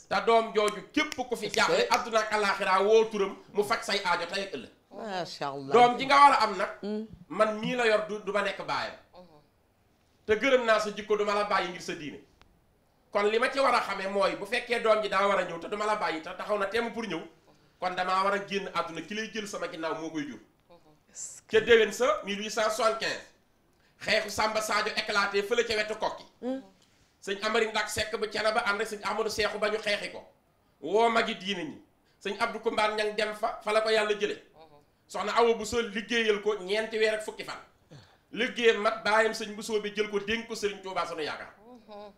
te doom jooju képp ku fi jàppale adduna ak alaaxira woo turam mu faj say aajo tey ëll ëllëg macha allah doom ji nga war a am nag hmm. man mii la yor du du ma nekk baayam uh-huh. te gërëm naa sa jikko du ma la bàyyi ngir sa diine kon li ma ci war a xamee mooy bu fekkee doom ji daa war a ñëw te du la bàyyi te taxaw na teem pour ñëw kon damaa war a génn àdduna ki lay jël sama ginnaaw moo koy jur uh-huh. ca déwén sa 1875 xeexu Samba Sadio éclaté fële ca wetu kokki hmm. sëñ amari ndak sekk bu cene ba ànd ak sëñ ahmadou seexu ba ñu xeexi ko woo magi diine ñi sëñ abdou kumbaan ñang dem fa fa la ko yàlla jële soxna awa bu soo liggéeyal ko ñeenti weer ak fukki fan liggéey mat baayam sañ bu soo bi jël ko dénk ko sëriñ Tuubaa sunu yaakaar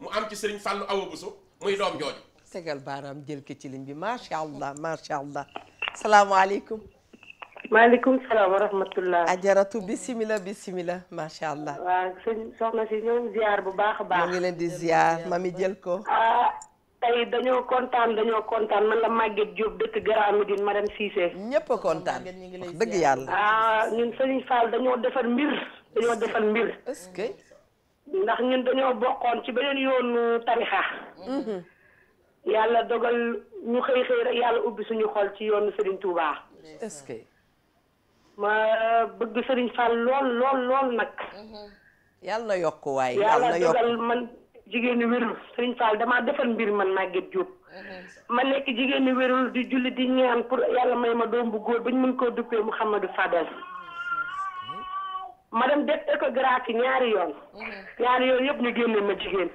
mu am ci sëriñ fàllu awa bu soo muy doom jooju segal baaraam jël ki ci liñ bi macha allah macha allah salaamaaleykum maaleykum salaam wa rahmatullah ajaratu bisimila bisimila macha allah. waaw sëñ soxna si ñoom ziar bu baax a baax. ñoo ngi leen di ma mi jël ko. ah tey dañoo kontaan dañoo kontaan man la Maguette Diop dëkk Grand Médine madame Cissé. ñëpp a kontaan wax dëgg yàlla. ah ñun sëñ Fall dañoo defar mbir dañoo defal mbir. est-ce ndax ñun dañoo bokkoon ci beneen yoon tarixa mhm. yàlla dogal ñu xëy xëy rek yàlla ubbi suñu xol ci yoon Serigne Touba. est ma bëgg sëriñ Fall lool lool lool nag. Mhm. yàlla na yokk waaye. yàlla na yokk yàlla dogal man jigéenu wérul sëriñ Fall damaa defal mbir man Maguette Diop. Mhm. ma nekk jigéenu wérul di julli di ñaan pour yàlla may ma doom bu góor ba ñu mën koo duppee Mouhamadou Fadel. ma dem def échographie ñaari yoon. Mhm. ñaari yoon yëpp ñu génne ma jigéen.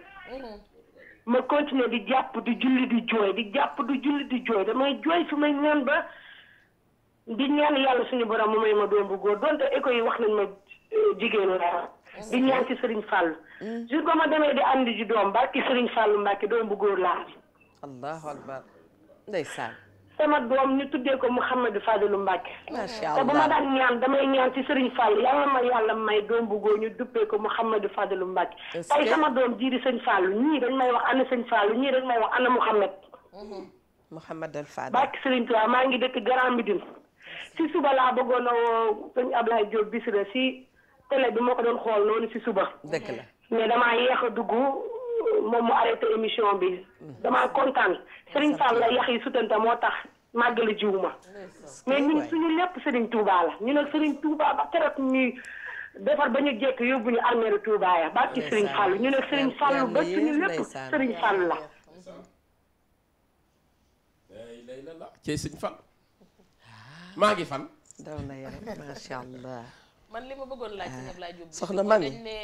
ma continuer di jàpp di julli di jooy di jàpp di julli di jooy damay jooy su may ñaan ba. di ñaan yàlla suñu borom mu may ma doom bu góor donte écho yi wax nañ ma euh, jigéen laa di ñaan ci Serigne Fall. Mm. jour ba ma demee di ànd ji doom barki sëriñ Fall Mbacke doom bu góor laa allahu akbar ndeysaan sama doom ñu tuddee ko Mouhamadou Fadilou Mbacke macha allah te bu ma daan ñaan damay ñaan ci sëriñ Fall yàlla ma yàlla may doom bu góor ñu duppee ko Mouhamadou Fadilou Mbacke tey sama doom jii di sëñ Fall ñii dañ may wax ana sëñ Fall ñii dañ may wax ana Mouhamad mm-hmm. Mouhamad al Fadil Mbacke Serigne Touba maa ngi dëkk Grand si suba laa bëggoon a woo sëñ Ablaye Diop Bichri si télé bi moo ko doon xool noonu ci suba. dëgg la mais damaa yéex a dugg moom mu arrêté émission bi. damaa kontaan Serigne Fall la yax yi sutante moo tax màgg màggali jiw ma. mais ñun suñu lépp Serigne Touba la ñu ne Serigne Touba ba keroog ñuy defar ba ñu jekk yóbbu ñu armeeru Touba ya ba ci Serigne Fall ñu ne Serigne Fall ba suñu lépp Serigne Fall la. maa ngi fan. daw na yaram macha allah. man li ma bëggoon laaj ci Ablaye Diop. soxna mami dañ ne.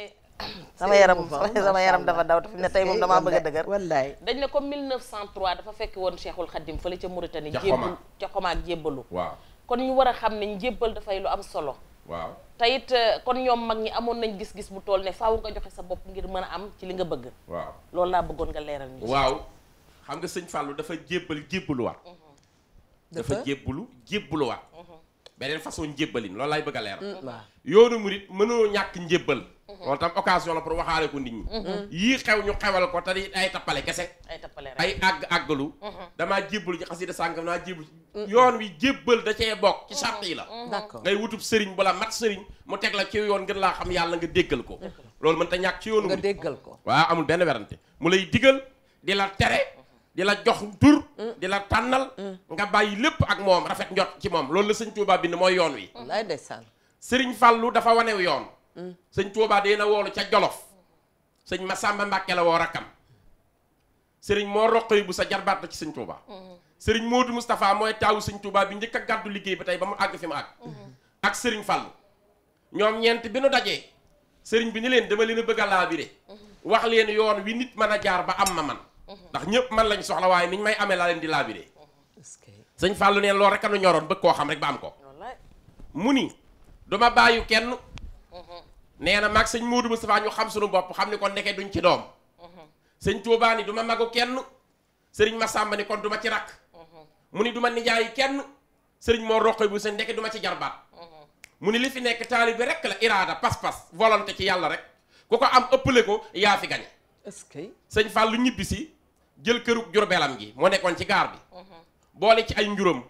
sama yaram sama yaram dafa daw te fi mu ne tey moom damaa bëgg a dëgër. wallaay dañ ne comme 1903 dafa fekk woon Cheikhul Khadim fële ca Mauritanie. ca Xoma ca Xoma ak jébbalu. waaw kon ñu war a xam ne njébbal dafay lu am solo. waaw te it euh, kon ñoom mag ñi amoon nañ gis-gis bu tool ne faaw nga joxe sa bopp ngir mën a am ci li nga bëgg. waaw loolu laa bëggoon nga leeral waaw xam nga sëñ Fallou dafa jébbal jébbaluwaat. Mm-hmm. dafa jébbalu jébbaluwaat uh-huh. beneen façon njébbalin loolu laay bëgg a leer mm-hmm. yoonu murit mënoo ñàkk njébbal mm-hmm. loolu tam occasion la pour waxaale ko nit ñi mm-hmm. yii xew ñu xewal ko te ay tappale kese ay tappale ay àgg àggalu damaa jébbalu ci xasida sàngam naa jébbalu yoon wi jébbal da cee bokk ci sàrt yi la d'accord ngay wutub sëriñ bu la mat sëriñ mu teg la ci yoon ngën laa xam yàlla nga déggal ko loolu mën ta ñàkk ci yoonu murit nga déggal ko waaw amul benn werante mu lay digal di la di la jox tur mm. di la tànnal mm. nga bàyyi lépp ak moom rafet njot ci moom loolu la sëñ Tuubaa bind mooy yoon wi lay ndeysaan sëriñ Fàllu dafa wanew yoon mm. sëñ Tuubaa dee na woolu ca Jolof sëñ Masamba Mbàkke la woo rakkam sëriñ moo roqoy bu sa jarbaat ci sëñ Tuubaa mm-hmm. sëriñ Moodu mustafaa mooy taawu sëñ Tuubaa bi njëkk a gàddu liggéey ba tey ba mu àgg fi mu àgg mm-hmm. ak sëriñ Fàllu ñoom ñeent bi nu dajee sëriñ bi ni leen dama leen a bëgg a laabire mm-hmm. wax leen yoon wi nit mën a jaar ba am ma man Uh-huh. ndax ñëpp man lañ soxla waaye niñ may ame laa leen di laabire uh-huh. sëñ Fallou neen loolu rek a nu ñoroon bëgg koo xam rek ba am ko mu ni duma bàyyu kenn uh-huh. nee na maag sëñ Modou Moustapha ñu xam suñu bopp xam ni kon ndeke duñ ci doom sëñ Touba ni duma magu kenn sëriñ Massamba ni kon duma ci rakk mu ni duma nijaayi kenn sëriñ moo roqoy bu sëñ ndeke duma ci jarbaat mu ni li fi nekk taalibe rek la iraada pas-pas volonté ci yàlla rek ku ko am ëppale ko yaa fi gañe est-ce que jël kërug jurbeelam gi moo nekkoon ci gaar bi boole ci ay njuróom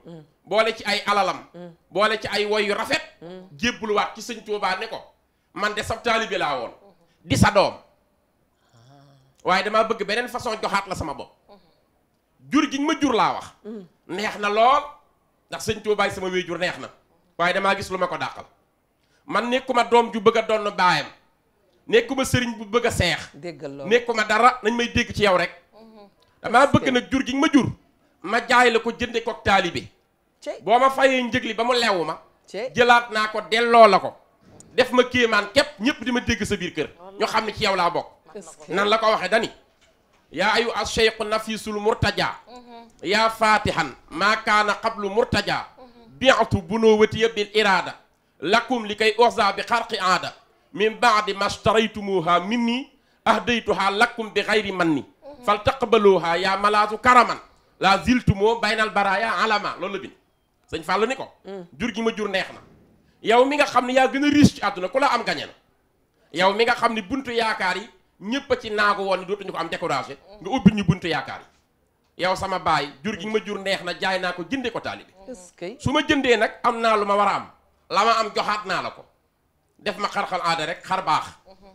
boole ci ay alalam boole ci ay woy yu rafet jébbuluwaat ci sëñ Tuubaa ne ko man de sab taalibe laa woon di sa doom waaye damaa bëgg beneen façon joxaat la sama bopp jur gi ma jur laa wax neex na lool ndax sëñ Tuubaa sama wéy jur neex na waaye damaa gis lu ma ko dàqal man nekkuma doom ju bëgg a donn baayam nekkuma sëriñ bu bëgg a seex nekkuma dara nañ may dégg ci yow rek damaa bëgg nag jur gi ma jur ma jaay la ko jënde ko taalibe boo ma fayee njëg li ba mu lewu ma jëlaat naa ko delloola ko def ma kéemaan képp ñëpp di ma dégg sa biir kër ñu xam ne ci yow laa bokk nan la ko waxee dani yaa ayu asheyqu nafisul murtaja mhm. yaa fatihan maa kaana qablu murtaja mhm. biatu bunowatiya bil iraada lakum li kay osa bi xarqi aada min baadi mastaraytumuha minni ahdaytuha lakum bi xayri manni fal taqbaluha yaa malaasu karaman la ziltumoo baynal baraya alama loolu la bind sëñ Fall ni ko mm. jur gi ma jur neex na yow mi nga xam ne yaa gën a riche ci àdduna la am gañe yow mi nga xam ne buntu yaakaar yi ñëpp a ci naagu woon ni dootuñu ko am découragé nga ubbil ñu buntu yaakaar yi yow sama baay jur gi ma jur neex na jaay naa ko jëndee ko taalibi su ma jëndee nag am naa lu ma war a am la ma am joxaat naa la ko def ma xarxal aada rek xar baax mhm.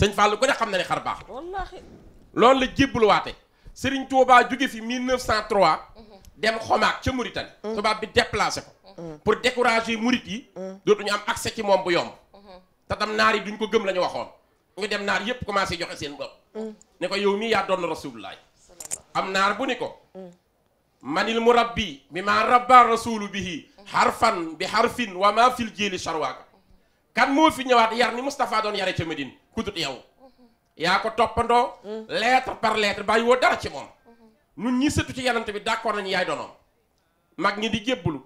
sëñ Fall ku ne xam na ne xar baax la loolu la jébbaluwaate Serigne Touba jóge fi 1903. dem xomaak ca Mauritanie. tubaab bi déplacé ko. pour décourager murit yi. dootuñu am accès ci moom bu yomb. te tam naar yi duñ ko gëm lañu ñu waxoon. ñu dem naar yépp commencé joxe seen bopp. ne ko yow mii yaa doon rasulullaay. am naar bu ni ko. manil mu rabbi bi maa rabba rasulu bihi xarfan bi xarfin wa maa fil jéeli charwaaka. kan moo fi ñëwaat yar ni Moustapha doon yare ca Medine ku dut yow. yaa ko toppandoo mm. lettre par lettre bàyyi woo dara ci moom nun mm-hmm. ñi sëtu ci yanante bi d'accord nañu yaay donoom mag ñi di jébbalu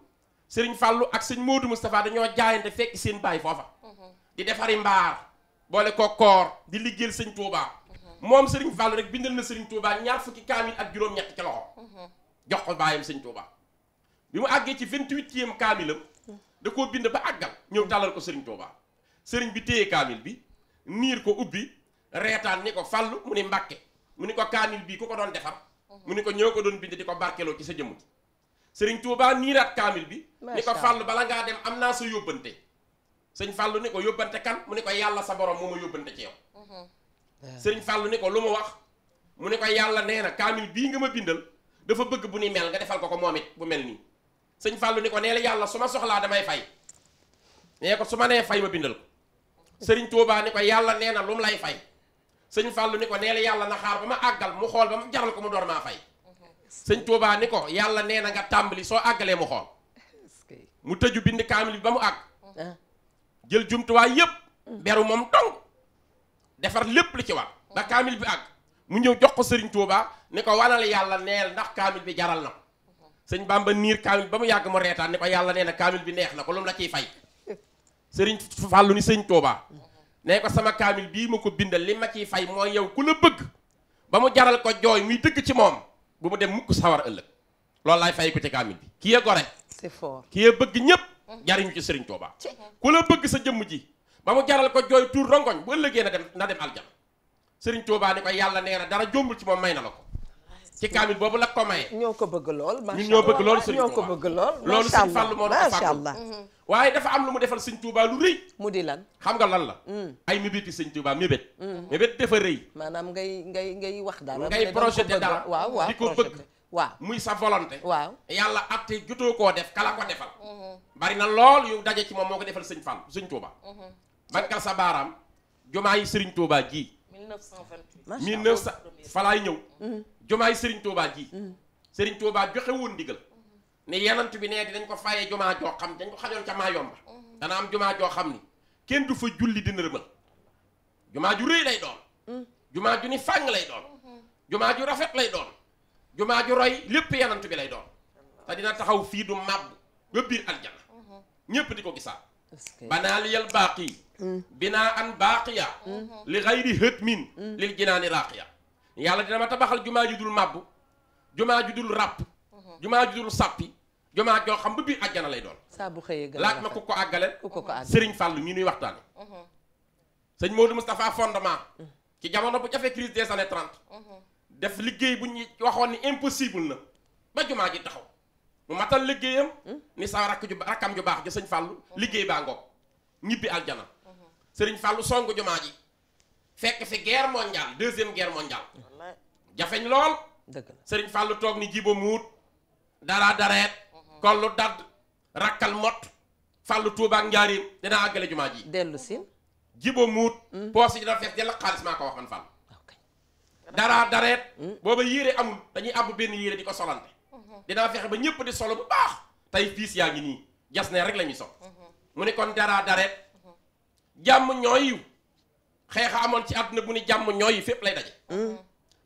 sëriñ Fàllu ak sëñ Moodu Moustapha dañoo jaayante fekki seen bàyyi foofa mm-hmm. di defari mbaar boole ko koor di liggéeyal sëñ Touba mm-hmm. moom sëriñ Fàllu rek bindal na sëriñ Touba ñaar fukki kaamil ak juróom-ñett ci loxo jox ko bàyyam sëñ Touba bi mu àggee ci vingt-huitième kaamilam da koo bind ba àggal ñëw tàllal ko sëriñ Touba sëriñ bi téye kaamil bi niir ko ubbi reetaan ni ko fàllu mu ni mbàkke mu ni ko kaamil bii ku ko doon defar mhm. mu ni ko ñëw ko doon bind di ko barkeloo ci sa jëmm ji sëriñ Touba niiraat kaamil bi ni ko fàllu bala ngaa dem am naa sa yóbbante sëñ fàllu ni ko yóbbante kan mu ni ko yàlla sa borom moo ma yóbbante ci yow mhm. ah. sëriñ fàllu ni lu ma wax mu ni ko yàlla nee na kaamil bii nga ma bindal dafa bëgg bu ni mel nga defal ko ko moom it bu mel nii sëñ fàllu ni nee yàlla su ma soxlaa damay fay nee ko su ma nee fay ma bindal ko yàlla nee na lu mu lay fay sëñ Fallou ni ko nee yàlla na xaar ba ma àggal mu xool ba mu jaral ko mu door maa fay sëñ Touba ni ko yàlla nee na nga tàmbali soo àggalee mu xool mu tëju bind kaamil bi ba mu àgg jël jumtuwaay yépp beru moom dong defar lépp lu ci wax ba kaamil bi àgg mu ñëw jox ko sëriñ Touba ni ko wanal yàlla neel ndax kaamil bi jaral na ko baam ba niir kaamil bi ba mu yàgg mu reetaan ni ko yàlla nee na kaamil bi neex na ko lu la ciy fay sëriñ Fallou ni sëñ Touba ne ko sama kaamil bii ma ko bindal li ma ciy fay moo yow ku la bëgg ba mu jaral ko jooy muy dëgg ci moom bu mu dem mukk sawar ëllëg loolu lay fay ko ci kaamil bi ki yee gore c'est ki yee bëgg ñépp jariñu ci Serigne Touba ku la bëgg sa jëmm ji ba mu jaral ko jooy tuur rongoñ bu ëllëgee na dem na dem aljana Serigne Touba ni ko yàlla nee na dara jombul ci moom may na la ko ci kaamil boobu la ko maye. ñoo ko bëgg lool ma allah ñun ñoo bëgg lool sëriñ ko bëgg lool. Mhm. waaye dafa am lu mu defal sëñ Touba lu rëy. mu di lan xam nga lan la. Mm. ay mébéti sëñ Touba mébét. Mm. mébét dafa rëy. maanaam ngay ngay ngay wax dara. ngay projeté dara waaw waaw di ko bëgg. waaw muy sa volonté. waaw yàlla atte jotoo koo def kala ko defal. Mhm. bari na lool yu daje ci moom moo ko defal sëñ Fall sëñ Touba. Mhm. barkal sa baaraam jumaa yi sëriñ Touba ji. 1928 1900 fa laay ñëw. Mm. jumaay Serigne Touba ji. Mm. Serigne Touba joxe woon ndigal. Mm-hmm. ne yanant bi nee dañ ko fayee jumaa joo xam dañ ko xajoon ca maa yomba. Mm-hmm. dana am jumaa joo xam ni kenn du fa julli di nërmal. jumaa ju rëy lay doon. Mm. jumaa ju ni fàng lay doon. Mm-hmm. jumaa ju rafet lay doon. jumaa ju roy lépp yanant bi lay doon. te dina taxaw fii du màbb ba biir aljana. ñépp di ko gisaa banaa liyal baaqi mm. binaa an baaqiya li xayri hët min lil jinaani raaqiya yàlla dina ma tabaxal jumaa ju dul màbb jumaa ju dul ràpp mhm. jumaa ju dul sàppi jumaa joo xam ba biir àjjana lay doon saa bu xëyee laaj ma ku ko àggaleel ku ko àggaleel Serigne Fallou ñu nuy waxtaane mhm. sëñ Modou Moustapha fondement mhm. ci jamono bu jafe crise des années 30 def liggéey bu ñu waxoon ni impossible na ba jumaa ji taxaw mu matal liggéeyam hmm? ni sa rakk ju rakkam ju baax ja sëñ Fallou hmm. liggéey baa ngoog ñibbi aljana hmm. sëriñ Fallou songu jumaa ji fekk fi guerre mondiale deuxième guerre mondiale jafeñ lool sëriñ fàllu toog ni jiba muut dara dareet kollu dadd rakkal mott fàllu tuubaak njaarim dina àggale jumaa ji dellu si jiba muut hmm. poos yi dina fees dell xaalis maa ko wax man fàll dara dareet hmm. booba yére amul dañuy àbb benn yére di ko solante hmm. dinaa fexe ba ñëpp di solo bu baax tey fiis yaa ngi nii jas ne rek la so mu ne kon dara dareet jàmm ñooy yiw xeexa amoon ci àdduna bu ni jàmm ñooy fépp lay daje.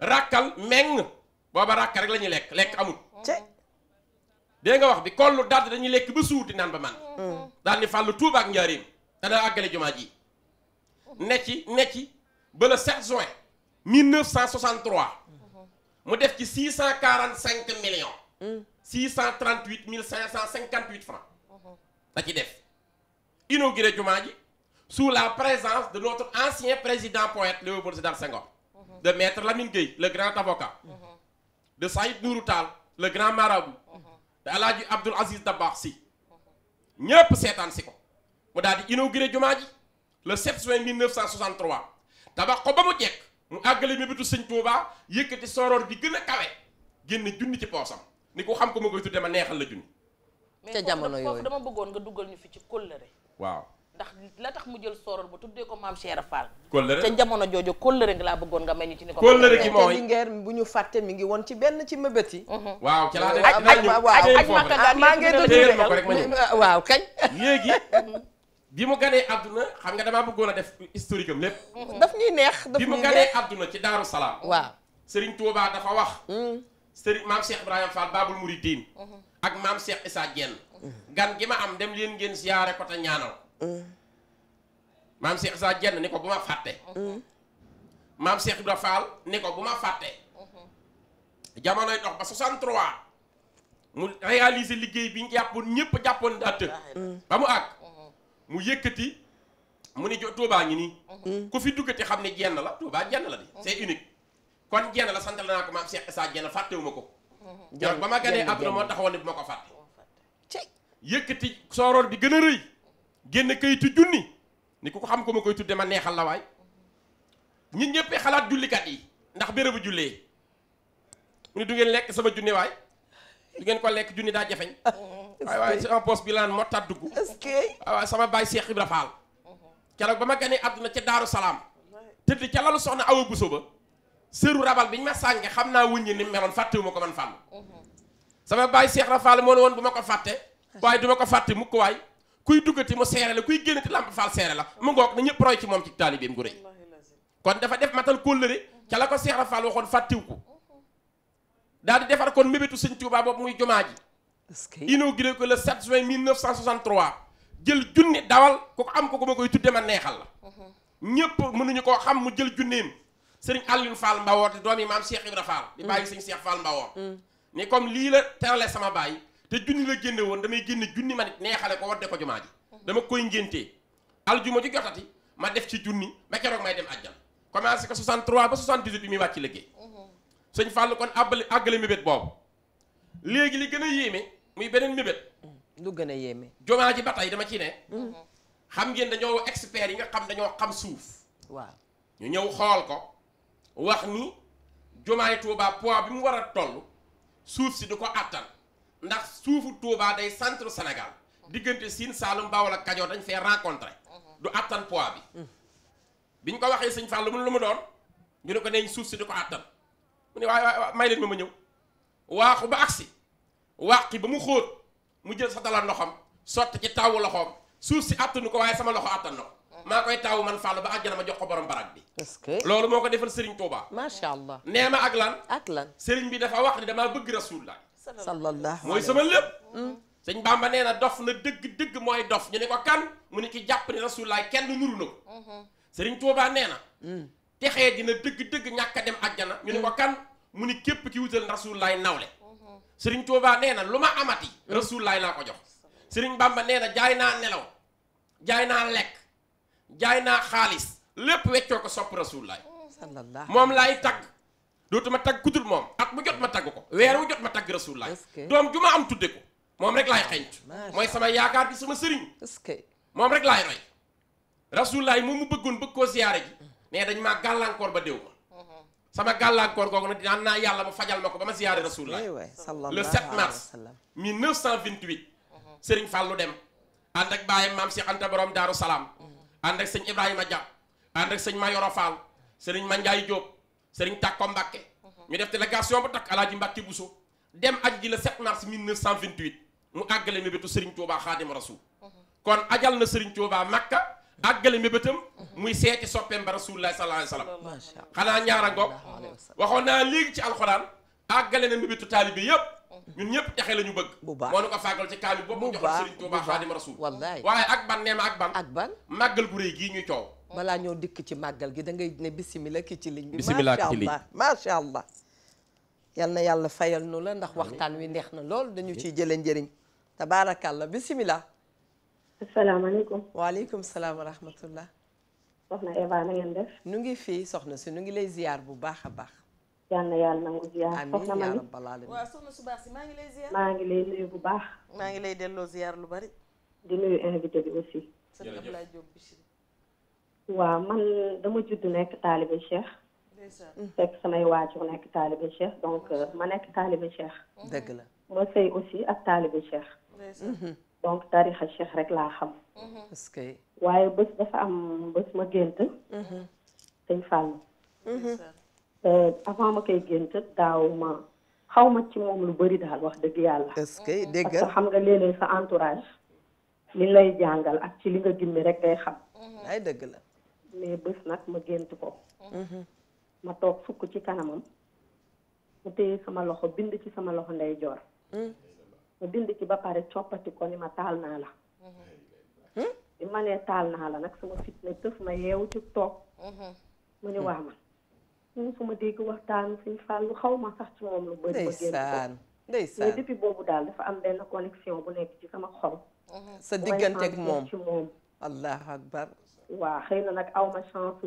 ràkkal meng booba ràkk rek la ñuy lekk lekk amul. dégg nga wax bi kollu dadd dañuy lekk ba suur di naan ba man. daal ni fàllu Tuuba ak Njaaréem dana àggale jumaa ji. ne ci ne ci ba le 7 juin 1963 mu def ci 645 millions. 638 mille 558 francs. da ci def inauguré jumaa ji. sous la présence de notre ancien président poète Léopold Sédar Senghor. Mm-hmm. de maître Lamine Gueye le grand avocat. Mm-hmm. de Saïd Nourou Tall le grand marabout. Mm-hmm. de El Hadj Abdoul Aziz Dabakh Sy. ñëpp seetaan si ko. mu daal di inauguré jumaa ji le 7 juin 1963 tabax ko ba mu jekk mu àggale mébétu sëñ Touba yëkkati sooroor bi gën a kawe génn junni ci poosam ni ko xam ko ma koy tudde ma neexal la junni. ca jamono yooyu dama bëggoon nga duggal ñu fi ci kóllëre. waaw. ndax la tax mu jël sorol ba tuddee ko maam Cheikh Fall kóllëre te jamono jooju kóllëre gi laa bëggoon nga mel ni ci ne ko kóllëre gi mooy lingeer bu ñu fàtte ngi woon ci benn ci mëbët yi mhm. waaw ci laa waaw maa ngi doon [laughs] ah, waaw kañ léegi mhm. bi mu ganee àdduna xam nga damaa bëggoon a def historique lépp mhm. daf ñuy neex daf neex bi mu ci Daaru Salaam waaw Serigne Touba dafa wax Serigne maam seex Ibrahima Fall Babul Mouridine ak maam Cheikh Issa Diène gan gi ma am dem leen ngeen siyaare ko te ñaanal maam Cheikh Issa jenn ni ko bu ma fàtte. maam Cheikh Ibra Fall ni ko bu ma fàtte. jamonoy dox ba 63 mu réaliser liggéey bi ñu jàppoon ñëpp jàppoon daa tëj. ba mu àgg mu yëkkati mu ni jo Touba ngi nii. ku fi duggati xam ne jenn la Touba jenn la di c'est unique. kon jenn la sant la naa ko maam Cheikh Issa Dieng fàttewuma ko. jenn ba ma ganee àdduna moo taxawoon ne bu ma ko fàtte. yëkkati sooroor bi gën a rëy. génn kayitu junni ni ku ko xam ko ma koy tudd ma neexal la waay nit ñëpp xalaat jullikat yi ndax bérébu jullee mu ne du ngeen lekk sama junni waay du ngeen ko lekk junni daa jafeñ [laughs] waay waay sama poos bi laan mottaat dugg waay sama baay Seex Ibra Faal keroog ba ma ganee àdduna ca Daaru Salaam tëdd ca lalu soxna Awa Buso ba sëru rabal biñ ma sànge xam naa wuññi ni meloon fàttewuma ko man fàll mhm. sama baay Seex Ibra Faal moo ne woon bu ma ko fàtte [laughs] waaye du ko fàtte mukk kuy duggati mu seere la kuy génnati Lamp Fall seere la mu ngoog na ñëpp roy ci moom ci taalibeem gu rëy kon dafa def matal kóllëre ca la ko Seex Ibra Fall waxoon fàttiw ko daal di defar kon mébétu sëñ Tuubaa boobu muy jumaa ji inauguré ko le 7 juin 1963 jël junni dawal ku ko am ko ko ma koy tudde ma neexal la ñépp mënuñu koo xam mu jël junneem sëriñ Alioune Fall Mbawoor di doomi maam Cheikh Ibra Fall di bàyyi sëñ s Fall Mbawoor mm. ni lii la sama bàyyi te junni la génne woon damay génne junni ma neexale ko wadde ko jumaa ji dama koy ngéntee aljuma ji jotati ma def ci junni ba keroog may dem ajjal commencé ko 63 ba 78 bi muy wàcc liggéey sëñ Fallou kon àbbali àggale mébét boobu léegi li gën a yéeme muy beneen mébét lu gën a yéeme jumaa ji ba tey dama ci ne mm-hmm. xam ngeen dañoo expert yi nga xam dañoo xam suuf waaw ñu ñëw xool ko wax ni jumaay Tuubaa poids bi mu war a toll suuf si du ko àttan ndax suufu Touba day centre Sénégal diggante Sine Saalum Bawol ak Kajoor dañ fee rencontré du attan poids bi ñu ko waxee sëñ Fall lu mu lu mu doon ñu ne ko neñ suuf si di ko attan mu ne waaye may leen ma ma ñëw waaxu ba agsi wàqi ba mu xóot mu jël sa dala ndoxam sotti ci tawu loxoom suuf si attanu ko waaye sama loxo attan na ko maa koy taawu man Fall ba àjjana ma jox ko borom barak bi. est-ce loolu moo ko defal Serigne Touba. macha allah nee ma ak lan. ak lan Serigne bi dafa wax ne damaa bëgg rasulullah sallallahu mooy sama lépp sëñ Bamba nee na dof na dëgg-dëgg mooy dof ñu ne ko kan mu ne ki jàpp ni rasulullaay kenn nuru na ko hmm. sëriñ Tuubaa nee na hmm. texee dina dëgg-dëgg ñàkk a dem àjjana ñu ne ko hmm. kan mu ne képp ki wutal rasulullaay nawle sëriñ Tuubaa nee na lu ma amati rasulullaay laa ko jox sëriñ Bamba nee na jaay naa nelaw jaay naa lekk jaay naa xaalis lépp weccoo ko sopp rasulullaay moom laay tagg ma tagg kudul moom at mu jot ma tagg ko weer wu jot ma tagg rasulullah doom ju ma am tudde ko moom rek laay xeeñtu mooy sama yaakaar bi sama sëriñ moom rek laay roy rasulullah moom mu bëggoon bëgg koo siyaare ji ne dañ maa gàllankoor ba déw ma mm-hmm. sama gàllankoor googu di dinaan naa yàlla mu fajal ma ko ba ma siyaare rasulullah le 7 mars 1928 sëriñ lu dem ànd ak bàyyam maam si Anta borom Daaru Salaam mm-hmm. ànd ak sëñ Ibrahima Dia ànd ak sëñ Mayoro Fall sëriñ Mandiaye Diop sëriñ Tàkko Mbàkke mhm. ñu def délégation bu takk alaaji Mbàkke Buso dem aj ji le 7 mars 1928 mu àggale mébétu sëriñ Tuubaa Xaadimu Rasuul mhm. kon ajal na sëriñ Tuubaa Makka àggale mébétam mhm. muy seeti soppeem ba Rasuulullaahi sallallaahu alayhi wa sallam xanaa waxoon naa léegi ci alxuraan àggale na mébétu taalibe yëpp ñun ñëpp texe la ñu bëgg bu baax moo nu ko fàggal ci kaamil boobu jox Sëriñ Tuubaa Xaadimu Rasuul waaye ak ban neema ak ban ak ban màggal gu réy gii ñuy coow balaa ñoo dikk ci màggal gi da ngay ne bisimila ki ci liñ bi macha allah macha allah yàlla fayal nu la ndax waxtaan wi neex na lool dañu ciy jëlee njëriñ tabaarakàlla bisimila asalaamaaleykum waaleykum salaam wa rahmatullah soxna Eva na ngeen def nu ngi fii soxna si nu ngi lay ziyaar bu baax a baax yàlla maa ngi lay ziyaar nuyu bu baax lu bari waaw man dama judd nekk taalibe Cheikh. fekk samay waajur nekk taalibe Cheikh donc euh, ma nekk taalibe Cheikh. dëgg la ma sëy aussi ak taalibe Cheikh. Mhm. donc tarixa Cheikh rek laa xam. Mhm. est que waaye bés dafa am bés ma gént. Mhm. sëñ Fallou. Euh, avant ma koy gént daaw ma xaw ma ci moom lu bari daal wax dëgg yàlla. est dégg parce que xam nga léeg-léeg sa entourage. li lay jàngal ak ci li nga gimmi rek ngay xam. ay dëgg la. mais bés nag ma gént ko mhm. ma toog sukk ci kanamam mu téye sama loxo bind ci sama loxo ndeyjoor mhm. ma bind ci ba pare coppati ko ni ma taal naa la mhm. bi ma nee taal naa la nag sama fit ne tëf ma yeewu ci toog mu ni waa man mu suma dégg waxtaan suñ fàllu xaw ma sax ci moom lu bëri ma gént ko ndeysaan mais depuis boobu daal dafa am benn connexion bu nekk ci sama xol. sa diggante moom ci moom. allahu waaw xëy na nag aw ma chance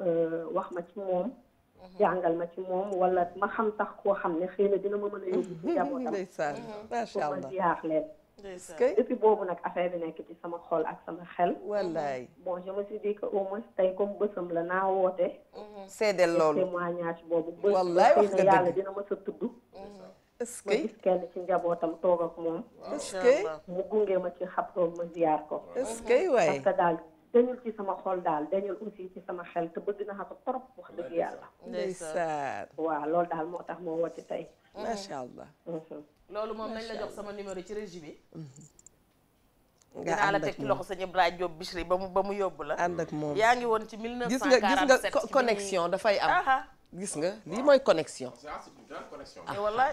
euh, wax ma ci moom. Mhm. jàngal ma ci moom wala ma xam tax koo xam ne xëy na dina ma mën a yóbbu ci mhm. njabootam. [laughs] ndeysaan mhm. macha boobu nag affaire bi nekk ci sama xol ak xel. wallaay bon je me suis dit que au moins tey la naa ci njabootam toog ak moom. est mu gunge ma ci xabroom ma ziar ko. est-ce dañul ci sama xol daal dañul aussi ci sama xel te bëgg naa ko trop wax dëgg yàlla. ndeysaan waaw loolu daal moo tax moo woote tey. Mm-hmm. macha allah. Mm-hmm. loolu moom nañ la jox sama numéro ci régie bi. Mm-hmm. nga ànd ak moom dinaa ba mu ba mu yóbbu la. ànd moom yaa ngi woon ci 1947. gis nga gis nga connexion dafay am. Ah, ah. gis nga lii mooy connexion. ah c'est une grande ah, allah.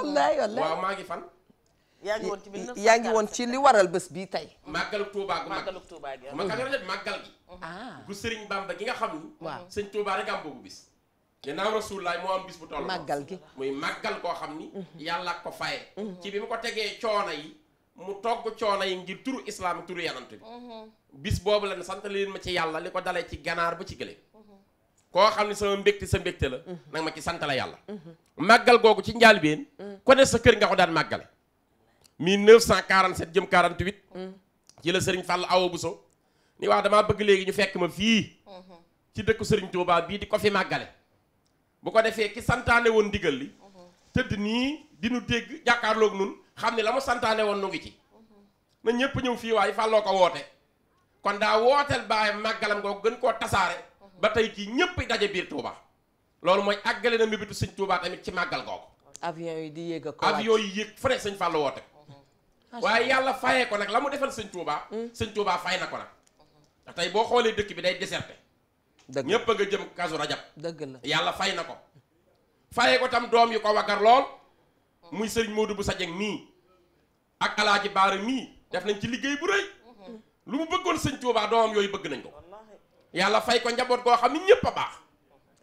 waaw day maa ngi fan. yaa ngi woon ci yaa ngi woon ci li waral bés bii tey. màggalu Touba gu mag màggalu gi. ma xam nga màggal gi. Ah. gu Serigne gi nga xam ni. waaw sëñ Touba rek am boobu bis. gannaaw Rasulullah moo am bu toll. màggal gi muy màggal koo xam ni. Mhm. yàllaa ko faye mhm. ci bi mu ko tegee coono yi. mu togg coono yi ngir turu islam turu yanant bi. Mhm. bis boobu la ne sant leen ma ci yàlla li ko dalee ci ganaar ba ci gële. koo xam ne sama mbégte sa mbégte la. nag ma ci sant la yàlla. màggal googu ci njaal ku ne sa kër nga ko daan màggale. 1947 jëm 48. ci la Serigne fàll Awa Bousso ni waa damaa bëgg léegi ñu fekk ma fii. ci dëkku sëriñ Touba bii di ko fi màggale. bu ko defee ki santaane woon ndigal li. tëdd nii di nu dégg jàkkaarloog nun xam ne la mu santaane woon nu ngi ci. na ñëpp ñëw fii waaye Falloo ko woote. kon daa wooteel baayam màggalam googu gën koo tasaare. ba tey jii ñëpp daje biir Touba. loolu mooy àggale na mébétu Sëñ Touba tamit ci màggal googu. avion di yéeg a ko avion yi woote. waaye yàlla fayee ko nag la mu defal sëñ Touba. Mm. sëñ Touba fay na ko nag. tey boo xoolee dëkk bi day déserté. dëgg ñëpp a nga jëm kasu rajab. dëgg yàlla fay na ko. fayee ko tam doom yi ko waggar lool. muy sëriñ Modou bu Sajeng mii. ak alaaji Baara mii def nañ ci liggéey bu rëy. lu mu bëggoon sëñ Touba doomam yooyu bëgg nañ ko. yàlla fay ko njaboot goo xam ni ñëpp a baax.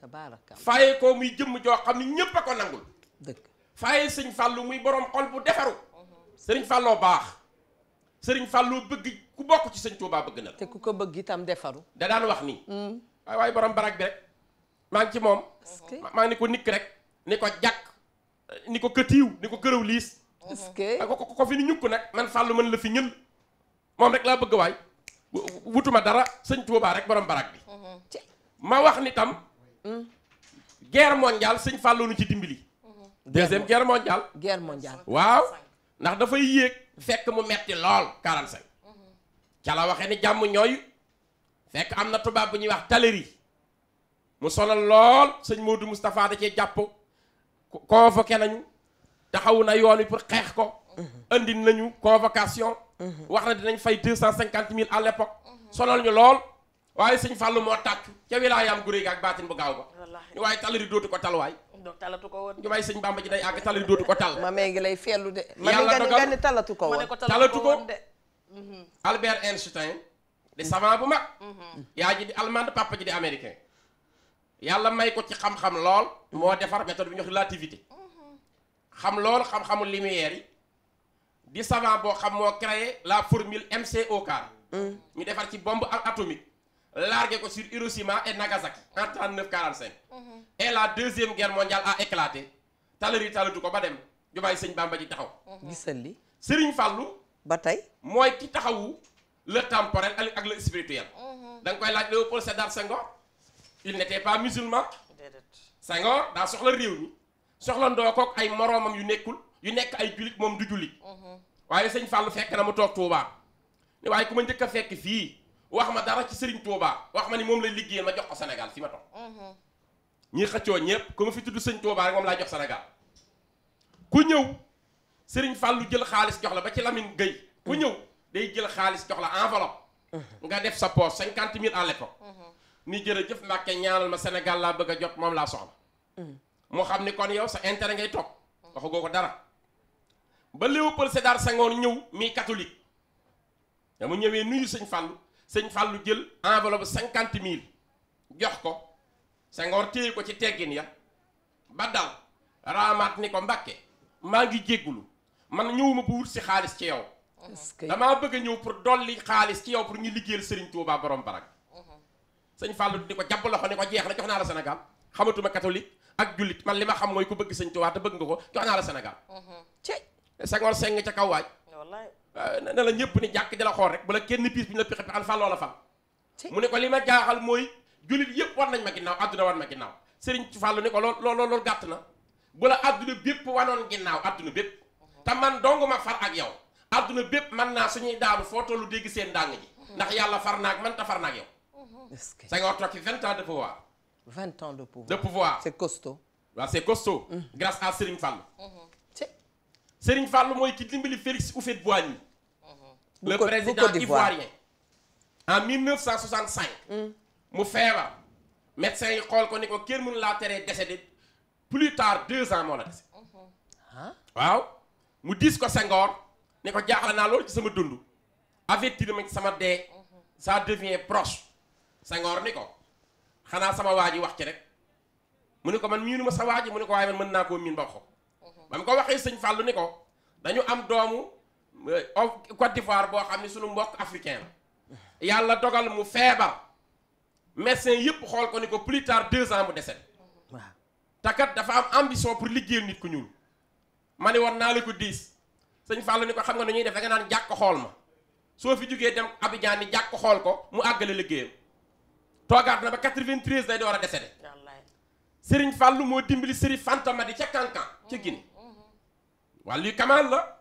tabaaraka fayee ko muy jëmm joo xam ni ñëpp a ko nangul. dëgg fayee sëñ Fallou muy borom xol bu defaru. sëriñ fàlloo baax sëriñ fàlloo bëgg ku bokk ci sëñ Tuubaa bëgg na la te ku ko bëgg itam defaru da daan wax nii mm. waaye waaye borom barak bi rek maa ngi ci moom maa ngi ni ko nikk rek ni ko jàkk ni ko këtiiw ni ko kërëw liis ak ko ko fi ni ñukk nag man fàllu mën la fi ñël moom rek laa bëgg waay wutuma dara sëñ Tuubaa rek borom barak bi ma wax ni tam mm. guerre mondiale sëñ fàlloo nu ci dimbali mm-hmm. deuxième guerre mondiale guerre mondiale waaw ndax dafay yéeg fekk mu metti lool 45. ca la waxee ni jàmm ñooy fekk am na tubaab bu ñuy wax taleri mu sonal lool sëñ Modou Moustapha da cee jàpp convoqué nañu taxawu na yoon wi pour xeex ko. indi nañu convocation. wax na dinañ fay deux cent cinquante mille à l'époque. sonal ñu lool waaye sëñ Fallou moo tàkk ca wilaayam guré gi ak baatin bu gaaw ba. waaye taleri dootu ko talwaay. donc talatu ko woon jumaay sëñ Bamba ji day àgg talali dootu ko tal ma mee ngi lay feelu de ma mi nga ne talatu ko woon talatu ko de mhm. Albert Einstein di savant bu mag mhm. yaa ji di allemand papa ji di américain yàlla may ko ci xam-xam lool moo defar méthode bi ñu wax relativité mhm. xam lool xam-xamu lumière yi di savant boo xam moo créé la formule MC au carré ñu defar ci bombe atomique largué ko sur Hiroshima et Nagasaki en 39 45. Mhm. et la deuxième guerre mondiale a éclaté talari talatu ko ba dem jumaay sëñ Bamba ji taxaw. Mhm. gisal li Serigne Fallou. ba tey mooy ki taxawu la temporel ak le spirituel. Mhm. da koy laaj Léopold Sédar Senghor il n'était pas musulman. Senghor daa soxla réew mi soxla ndoo ay moroomam yu nekkul yu nekk ay jullit moom du jullit. waaye sëñ Fallou fekk na mu toog Touba waaye ku ma njëkk a fekk fii. wax ma dara ci sëriñ Touba wax ma ni moom lay liggéeyal ma jox ko senegal fi ma toog. Mhm. ñi xëccoo ñëpp ku ma fi tudd sëñ Touba rek moom laa jox Sénégal. ku ñëw Serigne Fallou jël xaalis jox la ba ci Lamine Gueye. ku mhm. ñëw day jël xaalis jox la enveloppe. Mhm. nga def sa poche cinquante mille à l'époque. ni jëf Mbàkke ñaanal ma Sénégal laa bëgg a jot moom laa soxla. moo xam ni kon yow sa intérêt ngay toog. waxagoo ko dara. ba Léopold Sédar Senghor ñëw mi catholique. dama ñëwee nuyu sëñ Fallou jël enveloppe cinquante mille jox ko Senghor téye ko ci teggin ya ba dal raamaat ni ko Mbàkke maa ngi jéggulu man ñëwuma bu wut si xaalis ci yow damaa bëgg a ñëw pour dolli xaalis ci yow pour ñu liggéeyal Serigne Touba borom barak mhm. sëñ Fallou di ko jàpp loxo ni ko jeex na jox naa la Sénégal xamatuma catholique ak jullit man li ma xam mooy ku bëgg sëñ Touba te bëgg nga ko jox naa la Sénégal. Mhm. cey Senghor seng ca kaw Euh, ne la ñëpp ni jàkk di la xool rek bala kenn piis bu la pixi pixal fàlloo la fal mu ne ko li ma jaaxal mooy jullit yëpp war nañ ma ginnaaw àdduna war ma ginnaaw sëriñ ci fàllu ni ko lool lool loolu gàtt na bu la àdduna bépp wanoon ginnaaw àdduna bépp te man dong ma far ak yow àdduna bépp man naa suñuy daanu foo tollu dégg seen dàng ji ndax yàlla far naag man ta far naag yow sa nga war toog ci vingt ans de pouvoir vingt ans de pouvoir de pouvoir c'est costaud waaw c'est costaud mm. grâce à Serigne mm-hmm. mooy ki dimbali Félix Houphouët-Boigny le président ivoirien en 1965. mu feebar. médecin yi xool ko ni ko kenn mënu laa teree de plus tard deux ans moo la dese. Uh-huh. waaw mu diis ko Senghor ne ko jaaxle naa loolu ci sama dund. avertir ma ci sama dee. Uh-huh. ça devient proche. Senghor ni ko xanaa sama waa ji wax ci rek mu ne ko man miinu ma sa waaj ji mu ne ko waaye man mën naa koo miin ba ko. Uh-huh. ba mu ko waxee sëñ Fallou ni ko dañu am doomu. Euh, Côte d'Ivoire boo xam ne suñu mbokk africain la yàlla dogal mu feebar médecin yëpp xool ko ni ko plus tard deux ans mu décède waaw dafa am ambition pour liggéeyal nit ku ñuul ma ne war naa la ko diis sëñ Fallou ni ko xam nga nu ñuy def da nga naan jàkk xool ma soo fi jógee dem Abidjan ni jàkk xool ko mu àggale liggéeyam toogaat na ba 93 day war a décédé Serigne Fallou moo dimbali Serigne Fanta Madi ca Kankan ca Guinée mm-hmm. wàllu kamaan la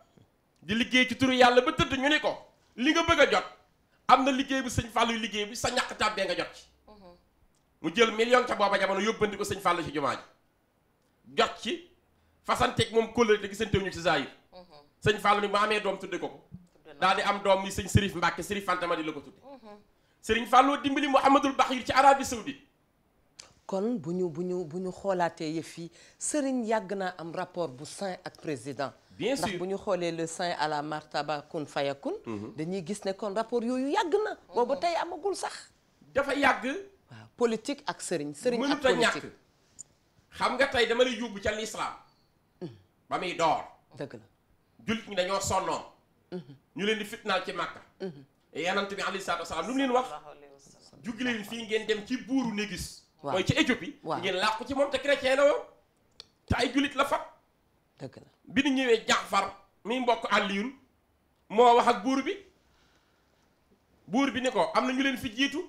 di liggéey ci turu yàlla ba tëdd ñu ni ko li nga bëgg a jot am na liggéey bu sëñ Fallou liggéey bi sa ñàkk tàbbee nga jot ci mhm. mu jël million ca booba jamono yóbbandi ko sëñ Fallou ci jumaa ji jot ci fasanteeg moom kóllëre te gisante ñu ci zaayir mhm. sëñ Fallou ni mu amee doom tudde ko ko daal di am doom muy sëñ Sërif Mbàkke Sërif Fantama di la ko tudde mhm. sëriñ Fallou dimbali Mouhamadul Bakhir ci Arabie Saoudite kon bu ñu bu ñu bu ñu xoolaatee yëf yi sëriñ yàgg naa am rapport bu sain ak président bien sûr bu ñu xoolee le saint à la martaba kun fayakun mhm. dañuy gis ne kon rapport yooyu yàgg na. ba mhm. tey amagul sax. dafa yàgg. waaw politique ak sëriñ. sëriñ ak politique a ñàkk xam nga tey dama lay yóbbu ca lislaam mhm. ba muy door. dëgg la jullit ñi dañoo sonnoon. ñu leen di fitnaal ci màkka. yanant bi alayhi salaatu wasalaam lu mu leen wax. juggi leen fii ngeen dem ci buuru Négis. mooy ci Éthiopie. waaw ngeen làqu ci moom te chrétien la woon. te ay jullit la fat dëgg la bi ñu ñëwee Jaafar mi mbokk Aliyun moo wax ak buur bi buur bi ni ko am na ñu leen fi jiitu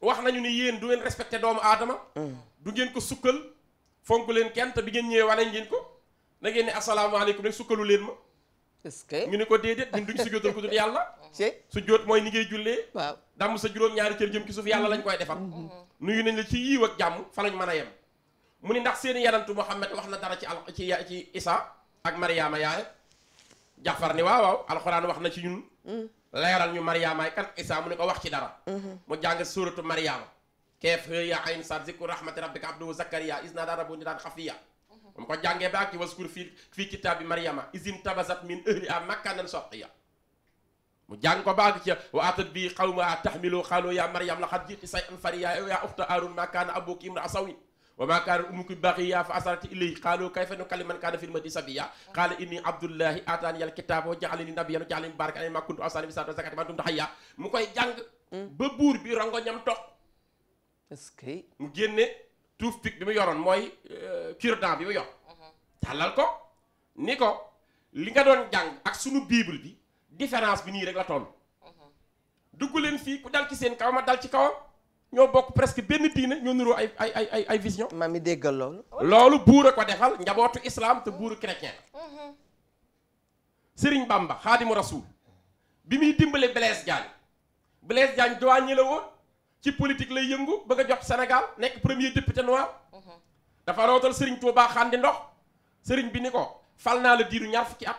wax nañu ni yéen du ngeen respecté doomu aadama mm. du ngeen ko sukkal fonk leen kenn te bi ngeen ñëwee wane ngeen ko da ngeen ne asalaamaaleykum rek sukkalu leen ma est-ce ñu ne ko déedéet ñun duñ sujjóotal ku dul yàlla [laughs] su jóot mooy ni ngay jullee waaw damm sa juróom ñaari cër jëm ki suuf yàlla lañ koy defar mm-hmm. nuyu nañ la ci yiiw ak jàmm fa lañ mën a yem mu ni ndax seeni yanantu Muhammad wax na dara ci al ci ci Isa ak Mariama yaay Jaafar ni waaw waaw alxuraan wax na ci ñun mm. leeral ñu Mariama ay kan Isa mu ne ko wax ci dara mm-hmm. mu jàng suuratu Mariama keef ya ayn sar zikru rahmati rabbika abduhu Zakariya is naada rabbu ni daan xafiya mm-hmm. mu ko jàngee ba ak ci waskur fii fii kitaabi Mariama isim tabasat min ahliha makkanan sharqiyya mu jàng ko baag ci wa atat bi qawmaha tahmilu qaalu ya Mariam laqad ji'ti shay'an fariyya ya ukhta Haarun ma kaana abuki imra'a sawin wa maa kaana ummuki baghiya fa asarati ilayhi qaalu kayfa nukallimu man kaana fil mahdi sabiyya qaala inni abdullahi ataaniyal kitaaba wa ja'alani nabiyyan wa ja'alani mubaarakan ayna maa kuntu mu koy jàng ba buur bi rongo ñam toq mu génne tuuf pik bi mu yoroon mooy euh, cure-dent bi mu yor tàllal ko ni ko li nga doon jàng ak sunu bible bi différence bi nii rek la toll dugg fii ku dal ci seen kaw ma dal ci kawam ñoo bokk presque benn diine ñoo nuroo ay ay ay vision. maa mi déggal loolu. loolu buur a ko defal njabootu islam te buuru chrétien. Mhm. Serigne Bamba xaadimu rasul bi muy dimbale Blaise Diagne Blaise Diagne douanier la woon ci politique lay yëngu bëgg a jox Sénégal nekk premier député noir. Mhm. dafa rootal Serigne Touba xandi ndox Serigne bi ni ko fal naa la diiru ñaar fukki at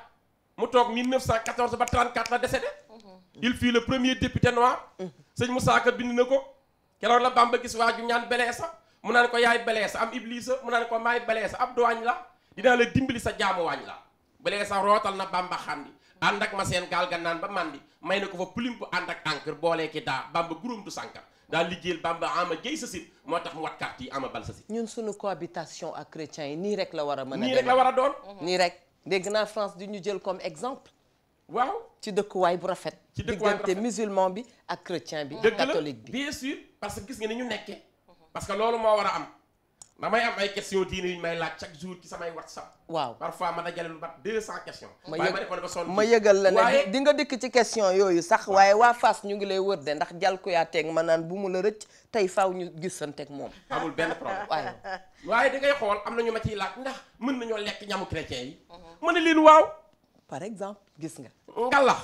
mu toog 1914 ba 34 la décédé. Mhm. il fut le premier député noir. sëñ mu saaka bind na ko. keroog la ba gis waa ju ñaan beleesa mu naan ko yaay beleesa am iblisa mu naan ko maay beleesa ab duwaañ la dinaa la dimbali sa jaamuwaañ la beleesa rootal na Bamba xandi ànd ak ma seen gaal ga naan ba mandi may na ko fa pulim bu ànd ak encre boolee ki daa Bamba guróom du sànkar daal liggéeyal Bamba ama jëy sa moo tax mu wat carte yi a bal sa sit ñun suñu cohabitation ak chrétiens yi nii rek la war a mën a war a doon nii rek dégg naa France di ñu jël comme exemple waaw ci dëkkuwaay bu rafet. ci dëkkuwaay bu rafet diggante musulman bi ak chrétien bi. catholique bi bien sûr parce que gis nga ni ñu nekkee. parce que loolu moo war a am. damay am ay questions diine yu ñu may laaj chaque jour ci samay WhatsApp. waaw parfois ma dajale lu mat 200 questions. ma yëg ma yëgal la ne nga dikk ci question yooyu sax waa Fass ñu ngi lay wër de ndax jal ku yaa teeg ma naan bu mu la rëcc tey faaw ñu gisanteeg moom. amul benn problème waaye. waaye di ngay xool am na ñu ma ciy laaj ndax mën nañoo lekk ñamu chrétien yi. Mhm. ma ne leen waaw. par exemple. gis nga ngalax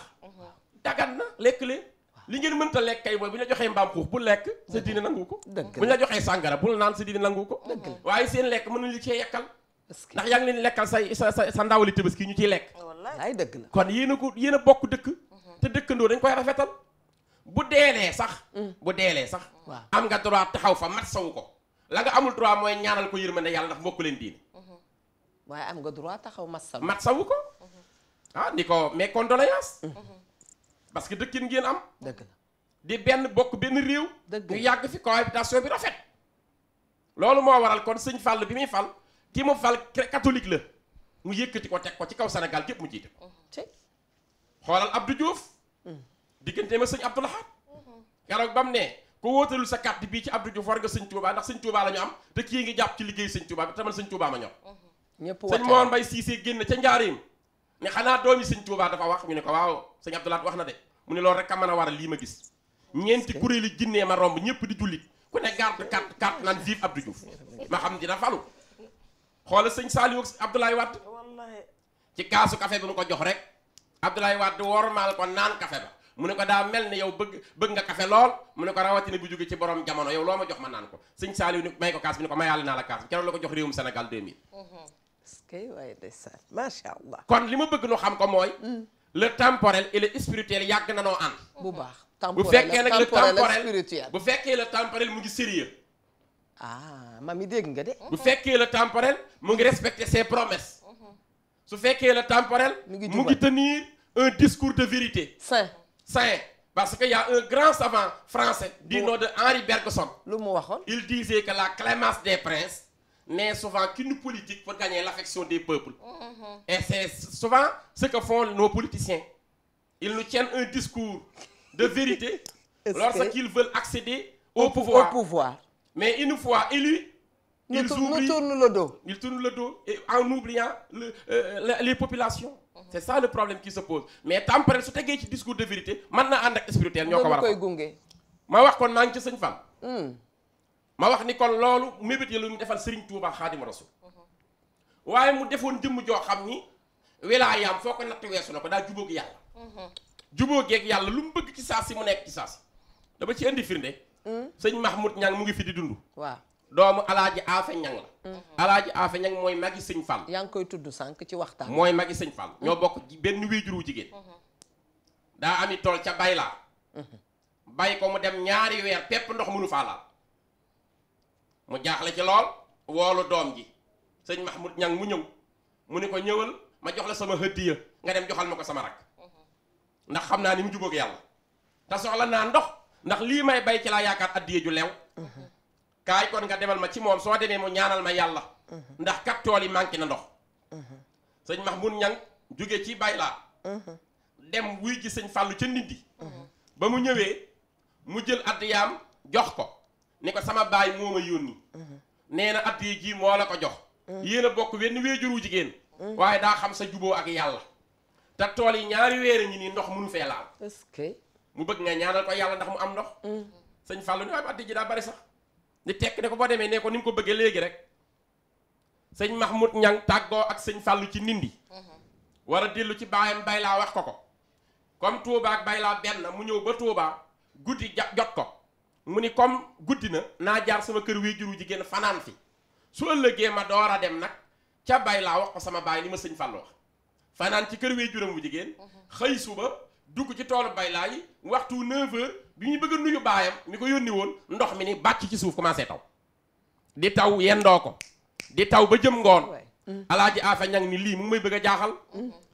dagan na lekk leen li ngeen mënta lekk kay mooy bu ñu la joxee mbaam xuux bu lekk sa diine nangu ko bu ñu la joxee sàngara bul naan sa diine nangu ko waaye seen lekk mën nañu li cee yekkal ndax yaa ngi leen lekkal say sa sa sa ndaawali tabaski ñu ciy lekk wallaay dëgg kon yéen ko yéen a bokk dëkk te dëkkandoo dañ koy rafetal bu deelee sax mm. bu deelee sax am nga droit taxaw fa mat sawu ko la nga amul droit mooy ñaanal ko yërmande yàlla ndax mbokk leen diine ah ni ko mais condoléance mm-hmm. parce que dëkkin ngeen am. dëgg la di benn bokk benn réew. dëgg ñu yàgg fi cohabitation bi rafet. loolu moo waral kon sëñ fàll bi muy fal ki mu fal catholique la mu yëkkati ko teg ko ci kaw senegal képp mu jiite ko. Mm-hmm. xoolal Abdou Diouf. Mm. diggante ma sëñ Abdou Lahad. Mm-hmm. keroog ba mu ne ku wóotalul sa carte bii ci Abdou Diouf war nga sëñ Touba ndax sëñ Touba la ñu am te kii ngi jàpp ci liggéey sëñ Touba bi tamal sëñ Touba ma ñor. ñëpp woote sëñ Mor Mbaye Cissé génn ca Njaareem. ne xanaa doomi sëñ Tuubaa dafa wax ñu ne ko waaw sëñ Abdoulaat wax na de mu ne loolu rek a mën a waral lii ma gis ñeenti kuréeli jinnee ma romb ñëpp di jullit ku ne garde carte carte naan vive Abdou Diouf ma xam dina falu xoola sëñ Saliou Abdoulaye Wade ci kaasu café bi mu ko jox rek Abdoulaye Wade wormaal ko naan café ba mu ne ko daa mel ne yow bëgg bëgg nga café lool mu ne ko rawatina bu jóge ci borom jamono yow loo ma jox ma naan ko sëñ Saliou ni may ko kaas bi ne ko mayaale naa la kaas jox réewum Sénégal 2000 kay waaye ndeysaan macha allah. kon li ma bëgg nu xam ko mooy. Mm. le temporel et le spirituel yàgg na noo ànd. bu baax temporel bu fekkee nag temporel bu fekkee le temporel mu ngi sérieux. ah mami dégg nga de. bu fekkee le temporel mu ngi respecter ses promesses. su fekkee le temporel. mu ngi tenir un discours de vérité. saint saint. parce que y a un grand savant français. du nom de Henri Bergson. lu mu waxoon il disait que la clémence des princes. n'est souvent qu'une politique pour gagner l'affection des peuples. Mmh. Et c'est souvent ce que font nos politiciens. Ils nous tiennent un discours de vérité lorsqu'ils [laughs] que... veulent accéder au, pouvoir. au, pouvoir. Mais une fois élus, nous ils, tourne, oublient, nous tournent le dos. Ils tournent le dos et en oubliant le, euh, les populations. Mmh. C'est ça le problème qui se pose. Mais tant que su tegee ci discours de vérité man na ànd ak spirituel ñoo ko war a ma wax kon maa ngi ci sëñ ma wax ni kon loolu mébét ya lu mu defal Serigne Touba Xaadimu Rasul waaye mu defoon jëmm joo xam ni wilaayaam foo ko natt weesu na ko daa jubóog yàlla. juboo yeeg yàlla lu mu bëgg ci saa si mu nekk ci saa dama ci indi firnde. sëñ Mahmoud ñan mu ngi fi di dund. waaw doomu alaaji Afe Ñang la. alaaji Afe Ñang mooy magi sëñ Fall. yaa ngi koy tudd sànq ci waxtaan. mooy magi sëñ Fall ñoo bokk benn wéjur wu jigéen. Mhm. daa ami tool ca bay laa. Mhm. bay ko mu dem ñaari weer pepp ndox mënu faa laal. mu jaaxle ci lool woolu doom ji sëñ Mahmoud ñang mu ñëw mu ne ko ñëwal ma jox la sama hëddiya nga dem joxal ma ko sama rak mhm. ndax xam naa ni mu jubóog yàlla te soxla naa ndox ndax lii may bay ci laa yaakaar addiya ju leew mhm. kaay kon nga demal ma ci moom soo demee mu ñaanal ma yàlla mhm. ndax kat tool yi manqué na ndox sëñ Mahmoud ñang jóge ci bay laa dem wuy ji sëñ fàllu ca nindi ba mu ñëwee mu jël addiyaam jox ko ni ko sama baay moo ma yónni nee na at yi ji moo la ko jox yéen bokk wenn weejuru jigéen waaye daa xam sa juboo ak yàlla te tool yi ñaari weer a ndox mun fee laal est mu bëgg nga ñaanal ko yàlla ndax mu am ndox mm. sëñ Fallou ni waaye at ji daa bari sax di tekk ne ko boo demee ne ko ni mu ko bëggee léegi rek sëñ Mahmoud Ñang tàggoo ak sëñ Fallou ci nindi war a dellu ci baayam laa wax ko ko comme Touba ak baylaa benn mu ñëw ba Touba guddi jot ko mu ni comme guddi na naa jaar sama kër wii juru jigéen fanaan fi su ëllëgee ma door a dem nag ca bay laa wax ko sama baay ni ma sëñ Fallu wax fanaan ci kër wee juram bu jigéen xëy suba dugg ci toolu bay laa yi waxtu 9h bi ñuy bëgg a nuyu baayam mi ko yónni woon ndox mi ni bàcc ci suuf commencé taw di taw yendoo ko di taw ba jëm ngoon alaaji afa ñang ni lii mu may bëgg a jaaxal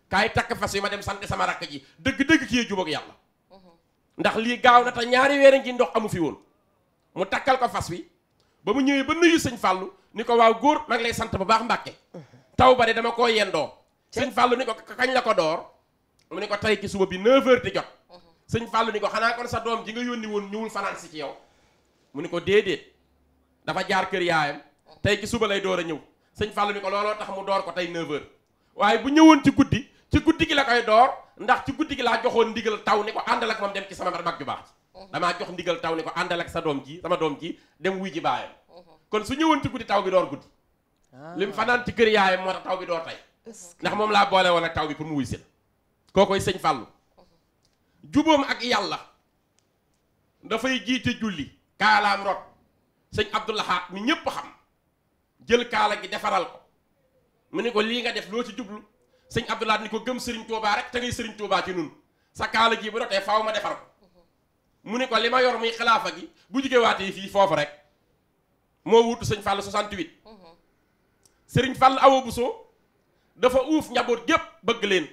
kaay takk fas yi ma dem sant sama rakk ji dëgg-dëgg kii jubóog yàlla mhm. ndax lii gaaw na te ñaari weer ngi ndox amu fi woon mu takkal ko fas wi ba mu ñëwee ba nuyu sëñ Fallou ni ko waaw góor maa lay sant bu baax Mbàkke taw ba de dama koo yendoo sëñ Fallou ni ko kakañ la ko door mu ne ko tey ki suba bi 9h di jot sëñ Fallou ni ko xanaa kon sa doom ji nga yónni woon ñëwul fanaan si ci yow mu ne ko déedéet dafa jaar kër yaayam tey ki suba lay door a ñëw sëñ Fallou ni ko looloo tax mu door ko tey 9h waaye bu ñëwoon ci guddi ci guddi gi la koy door ndax ci guddi gi laa joxoon ndigal taw ni ko àndal ak moom dem ci sama mag ju baax damaa jox ndigal taw ni ko àndal ak sa doom ji sama doom ji dem wuy ji baayam kon su ñëwoon ci guddi taw bi door guddi ah. lim fanaan ci kër yaayam moo tax taw bi doo tey ndax moom laa boole woon ak taw bi pour mu wuy si la kookoy sëñ Fallou jubóom ak yàlla dafay jiite julli kaalaam rot sëñ Abdoulahat mi ñépp xam jël kaala gi defaral ko mu ne ko lii nga def loo ci jublu sëñ Abdoulahat ni ko gëm sëriñ Touba rek te ngay sëriñ Touba ci nun sa kaala gi bu ma defar mu ne ko li ma yor muy xilaafa gi bu jóge waatee fii foofu rek moo wutu sëñ Fall 68. sëriñ Fall Awa Bousso dafa uuf njaboot gépp bëgg leen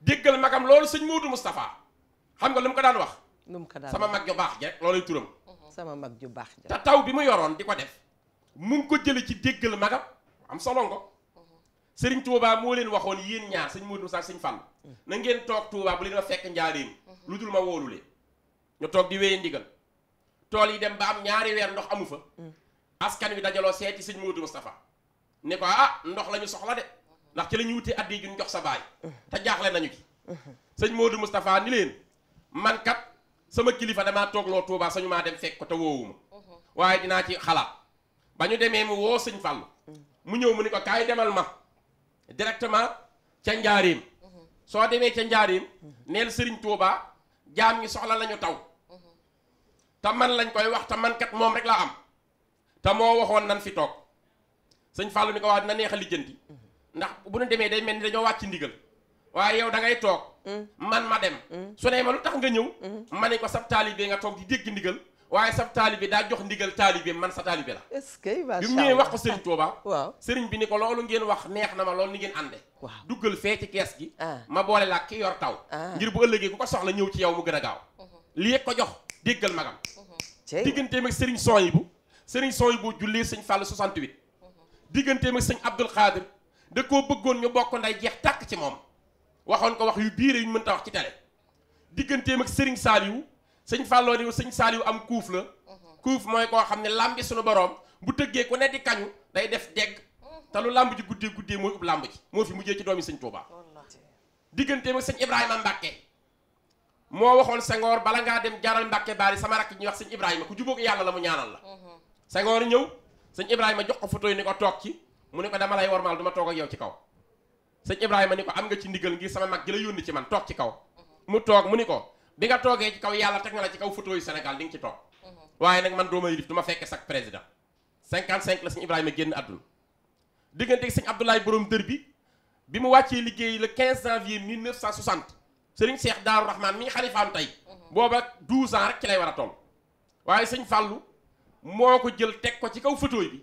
déggal magam loolu sëñ Modou Moustapha xam nga lu mu ko daan wax. lu mu ko daan sama mag baax ja rek loolay sama mag ju baax ja taw bi mu yoroon di ko def mu ko jëlee ci déggal magam am solo nga. sëriñ Touba moo leen waxoon yéen ñaar sëñ Modou Moustapha sëñ Fall mm. na ngeen toog Touba bu leen ma fekk njaareem mm-hmm. lu dul ma woolu leen. ñu toog di wéye ndigal tool yi dem ba am ñaari weer ndox amu fa askan wi dajaloo seeti sëñ Moodu Moustapha ne ko ah ndox lañu soxla de ndax ci la ñu wutee addi juñ jox sa baay te jaaxle nañu ci sëñ Moodu Moustapha ni leen man kat sama kilifa damaa loo Touba sañu maa dem fekk ko te woowuma waaye dinaa ci xalaat ba ñu demee mu woo sëñ Fàllu mu ñëw mu ni ko kaay demal ma directement ca njaareem uhuh. soo demee ca njaareem neel sëriñ Touba jaam ñi soxla lañu taw te man lañ koy wax te man moom rek laa am te moo waxoon nan fi toog sëñ Fallou ni ko waa dina neex a lijjanti ndax bu nu demee day mel ni dañoo wàcc ndigal waaye yow da ngay toog man ma dem su ne ma lu tax nga ñëw ma ne ko sab taalibe nga toog di dégg ndigal waaye sab taalibe daa jox ndigal taalibe man sa taalibe la est-ce que bi mu ñëwee wax ko Serigne Touba waaw bi ni ko loolu ngeen wax neex na ma loolu ni ngeen ànde waaw duggal fee ci kees gi ah. ma boole laa ki yor taw ah. ngir bu ëllëgee ku ko soxla ñëw ci yow mu gën a gaaw uh-huh. lii déggal magam digganteem ak sëriñ Soyibu sëriñ boo jullee sañ Fàll 68 digganteem ak sañ Abdul Xaadir da koo bëggoon ñu bokk nday jeex tàkk ci moom waxoon ko wax yu biire yu ñu mënta wax ci télé digganteem ak sëriñ Saaliwu sëñ Fàlloo ni sëñ Saaliwu am kuuf la kuuf mooy koo xam ne làmbi suñu boroom bu tëggee ku ne di kañu day def dégg te lu làmb ji guddee guddee mooy ub làmb ji moo fi mujjee ci doom doomi sëñ Tuubaa digganteem ak sëñ Ibrahima Mbàkke moo waxoon Senghor bala ngaa dem jaaral Mbàkke Baari sama rakk ñuy wax sëñ Ibrahima ku jubóog yàlla la mu ñaanal la mhm. Senghor ñëw sëñ Ibrahima jox ko foto yi ni ko toog ci mu ne ko dama lay wormaal du ma toog ak ci kaw sëñ Ibrahima ni ko am nga ci ndigal ngir sama mag ji yónni ci man toog ci kaw mhm. mu toog mu ni ko bi nga toogee ci kaw yàlla teg na la ci kaw photo yu Sénégal di nga ci toog mhm. waaye nag man dooma yilif du ma fekke sax président 55 la sëñ Ibrahima génn àdduna diggante sëñ Abdoulaye borom dër bi bi mu sëriñ Cheikh Daaru Rahman mi xalifaam tey mhm. booba 12 ans rek ci lay war a toll waaye sëñ Fàllu moo ko jël teg ko ci kaw fauteuil bi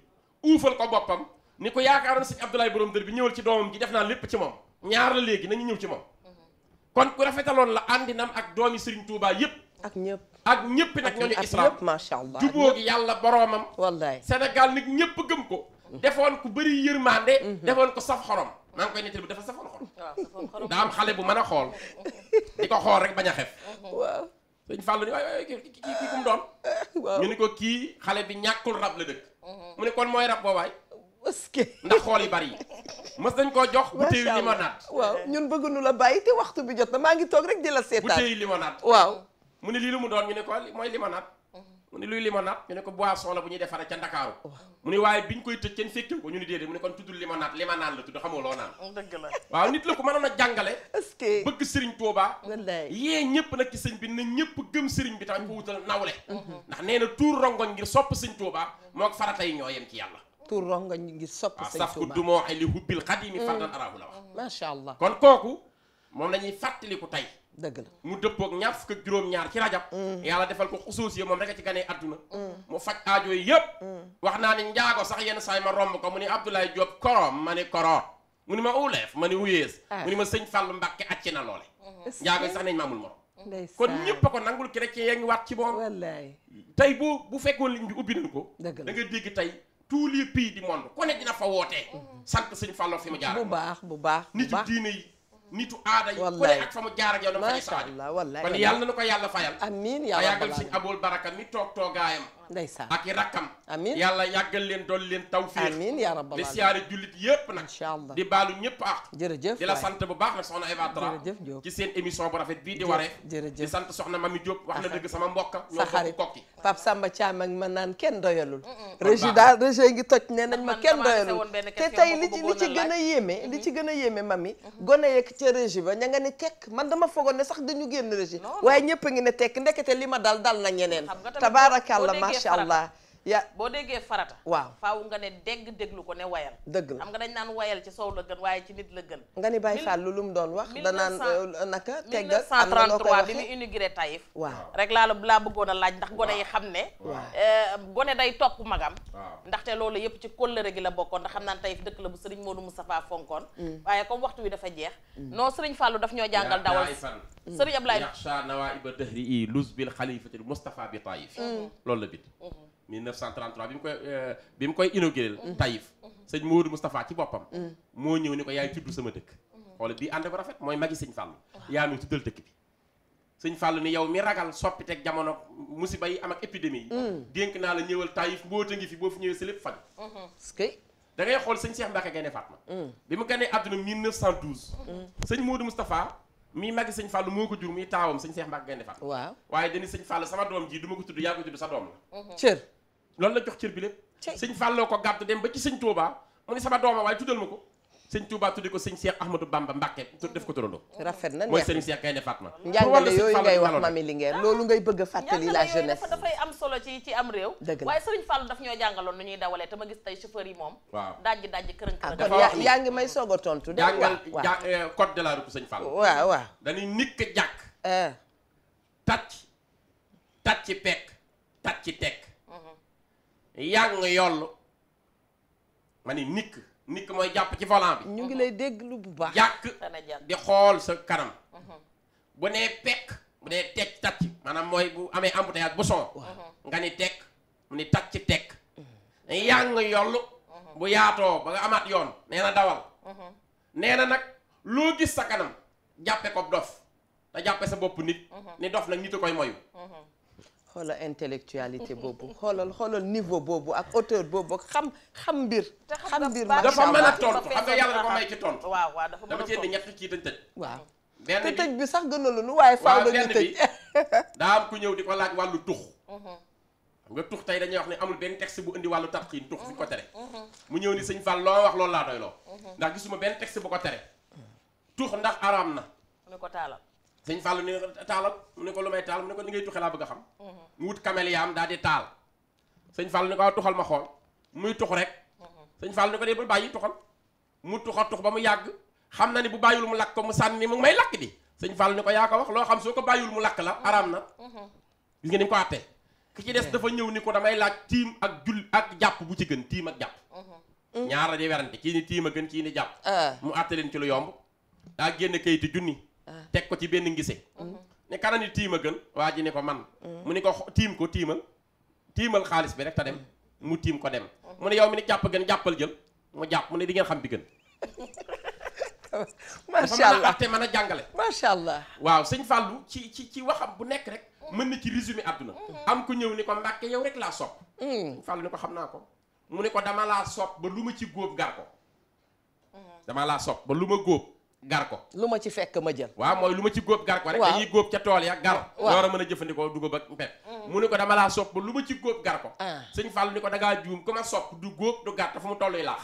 uufal ko boppam ni ko yaakaaroon sëñ Abdoulaye borom dër bi ñëwal ci doomam ji def naa lépp ci moom ñaar la léegi nañu ñëw ci moom mhm. kon ku rafetaloon la àndinam ak doomi sëriñ Touba yépp ak ñëpp ak ñëpp nag ñooñu islam macha allah jubóo gi yàlla boroomam wallaay Sénégal nag ñëpp gëm ko mhm. defoon ku bëri yërmande defoon ko saf xorom maa ngi koy nettali dafa safoon xol. daa am xale bu man a xool di ko xool rek bañ a xef. waaw sëñ Fallou ni waay waay kii kii kii ku doon. ñu ni ko kii xale bi ñàkkul rab la dëkk. Mhm. mu ne kon mooy rab boobaay. ndax xool yi bari mës nañ koo jox bouteille limonade waaw ñun bëgguñu la bàyyi te waxtu bi jot na maa ngi toog rek di la seetaan bouteille limonade waaw mu ne lii lu mu doon ñu ne ko mooy limonade mu ni luy limonade ñu ne ko boisson la bu ñuy defaree ca Ndakaaru oh. mu ni waaye biñ koy tëj kenn fekkew ko ñu ni déedéet mu ne kon tuddul limonade limanaan la tudd xamoo loo naan [laughs] dëgg la waaw nit la ko mënoon a jàngale bëgg sëriñ Tuubaa yee ñëpp nag ci sëñ bi na ñëpp gëm sëriñ bi tamit ko wutal nawle mm-hmm. ndax nee na tuur rongoñ ngir sopp sëñ Tuubaa moo farata yi ñoo yem ci yàlla tuur rongoñ ngir sopp sëñ Tuubaa saf ku du moo waxe li hubbil xadimi fardan mm. arahu la moom la ñuy fàttaliku tey dëgg la mu dëppook ñaar fukk juróom-ñaar ci rajab mm. yàlla defal ko xusuusiye moom rek a ci ganee adduna mm. mu faj aajo yi yëpp mm. wax naa ni njaago sax yenn saay ma romb ko mu ni Abdoulaye Diop koroom ma ni mu ma uleef ma ni wuyees ah. mu ni ma sëñ Fàllu Mbàkke acci na loole mm-hmm. njaago yi sax nañ maamul morom kon ñëpp a ko nangul chrétien yaa ngi waat ci moom wallaay boo bu bu fekkoon liñ ubbi nañ ko da nga dégg tey tous les pays du monde ne dina fa wootee mm-hmm. sant sëñ Fàllu fi mu jaar bu baax bu baax nit diine yi nitu aada yi ku ne ak fa mu jaar ak yow yàlla na ko yàlla fayal amiin yàlla yàggal suñu abool mi toog toogaayam ndeysaan ak i leen dool leen tawfiix amiin yaa siyaare jullit yépp nag incha allah di baalu ñëpp ak jërëjëf di la sant bu baax nag soxna Eva Tra jërëjëf Diop ci seen émission bu rafet bii di waree jërëjëf di sant soxna Mami Diop wax na dëgg sama mbokka ñoo bokk kokki Pape Samba Thiam ak ma naan kenn doyalul régi daal régi ngi toj ne nañ ma kenn doyalul te tey li ci li mm-hmm. ci gën a yéeme li ci a mami mm-hmm. gone yeeg ca régi ba ña tekk man dama foogoon sax dañu génn régi waaye ñëpp a ngi ne tekk ndekete li incha allah ya boo déggee farata waaw faaw nga ne dégg déglu ko ne wayal dëgg la xam nga dañ naan wayal ci sow la gën waaye ci nit la gën nga ni Baye Fall lu mu doon wax danaan euh, naka tegg ak am na noo koy waxee 1933 bi mu inauguré Taïf waaw rek laa la laa bëggoon a laaj ndax gone yi xam ne euh, gone day topp magam ndaxte loolu yëpp ci kóllëre gi la bokkoon ndax xam naan Taïf dëkk la bu Sëriñ Modou Moustapha fonkoon mm. waaye comme waxtu wi dafa jeex mm. non Sëriñ Fallu daf ñoo jàngal dawal Sëriñ Ablaye yaxsha nawaiba dëhri i luz bil xalifatil Moustapha bi Taïf mm. loolu 1933 bi mu koy euh, bi mu koy inauguré mhm. Taïf sëñ Modou Moustapha ci boppam mhm. moo ñëw ni ko yaay tudd sama dëkk mhm. xoola bi ànd ko rafet mooy magi sëñ Fallou yaa nuy tuddal dëkk bi sëñ Fallou ni yow mi ragal soppiteg jamono musiba yi am ak épidémie yi dénk naa la ñëwal Taïf mbóota ngi fi boo fi ñëwee sa lépp faj da ngay xool sëñ Cheikh Mbacke Gaynde Fatma bi mu ganee àdduna 1912 sëñ Modou Moustapha mii magi sëñ Fallou moo ko jur muy taawam sëñ Cheikh Mbacke Gaynde Fatma waaw waaye dañu sëñ Fallou sama doom ji du ma ko tudd yaa ko sa doom loolu la jox cër bi lépp sëñ fàlloo ko gàddu dem ba ci sëñ Touba mu ne sama doomam waaye tuddal ma ko sëñ Touba tuddi ko sëñ Cheikh Ahmadou Bamba Mbacke def ko turando rafet na mooy sëñ Cheikh Gaynde Fatma njàngale yooyu ngay wax mami Linguère loolu ngay bëgg a fàttali la jeunesse dafay am solo ci ci am réew dëgg la waaye sëriñ daf ñoo jàngaloon nu ñuy dawalee te ma gis tey chauffeur yi moom waaw dajji dajji kërën kërën ah, yaa ngi may soog a tontu de jàngal eh, code de la route sëñ Fallou waaw waaw dañuy nikk jàkk eh. tàcc tàcc pekk ci tekk yang yollu ma ni nikk nikk mooy jàpp ci volant bi. ñu ngi lay dégg lu bu baax. jàkk di xool sa kanam. Mhm. bu nee pekk bu nee tekk tàcc maanaam mooy bu amee embouteillage bu son. Mhm. nga ni tekk mu ni tàcc tekk. Mhm. yang yollu bu yaatoo ba nga amaat yoon nee na dawal. nee na nag loo gis sa kanam jàppe ko dof te jàppe sa bopp nit. ni dof nag nit a koy moyu. xoolal intellectualité boobu xoolal xoolal niveau boobu ak auteur boobu ak xam xam mbir. xam mbir dafa mën a tontu xam nga yàlla dafa may ci tontu. waaw waaw dafa mën a tontu dama cee ñett kii dañ tëj. waaw te tëj bi sax a nu waaye faaw la ñu tëj [laughs] daa am ku ñëw di ko laaj wàllu tux. Mhm. xam nga tux tey dañuy wax ne amul benn texte bu indi wàllu tarxiin tux fi ko mhm. tere. Mhm. mu ñëw ni sëñ Fall loo wax loolu laa doy loo. ndax gisuma benn texte bu ko tere. tux ndax araam na. sëñ Fallou ni taalal mu ne ko lu may taal mu ne ko ni ngay tuxe laa a xam mhm. mu tuxal ma xool muy tux rek mhm. sëñ Fallou ni ko dee bul bàyyi tuxal mu tuxa tux ba mu yàgg xam na ni bu bàyyul mu lakk ko mu sànni mu ngi may lakk di sëñ Fallou ni ko yaa ko wax loo xam soo ko bàyyul mu lakk la mhm. araam na gis nga ni mu ko àttee ki ci des dafa ñëw ni ko damay laaj tiim ak jul ak jàpp bu ci gën tiim ak jàpp ñaar la di werante kii ni tiim a gën kii ni jàpp ah. mu àtte leen ci lu yomb daa génn kayitu junni teg ko ci benn ngise ne kana ni tiim a gën waa ji ne ko man mm. mu ne ko tiim ko tiimal tiimal xaalis bi rek te dem mu tiim ko dem mu ne yow mi ne jàpp gën jàppal jël mu jàpp mu ne di ngeen xam bi gën [laughs] macha allah te mën a jàngale macha allah waaw sëñ Fallou ci ci ci waxam bu nekk rek mën na ci résumé àdduna mm. am ku ñëw ni ko Mbàkke yow rek laa sopp mm. Fallou ni ko xam naa ko mu ne ko dama laa sopp ba lu ma ci góob gar ko dama laa sopp ba lu ma góob gar ko lu ma ci fekk ma jël waaw mooy lu ma ci góob gar ko rek dañuy góob ca tool ya gar door a mën a jëfandikoo du ak mbéb mm. mu ni ko dama laa sopp lu ma ci góob gar ko ah. sëñ ko dangaa juum ku ma góob du gar fu mu tolluy laax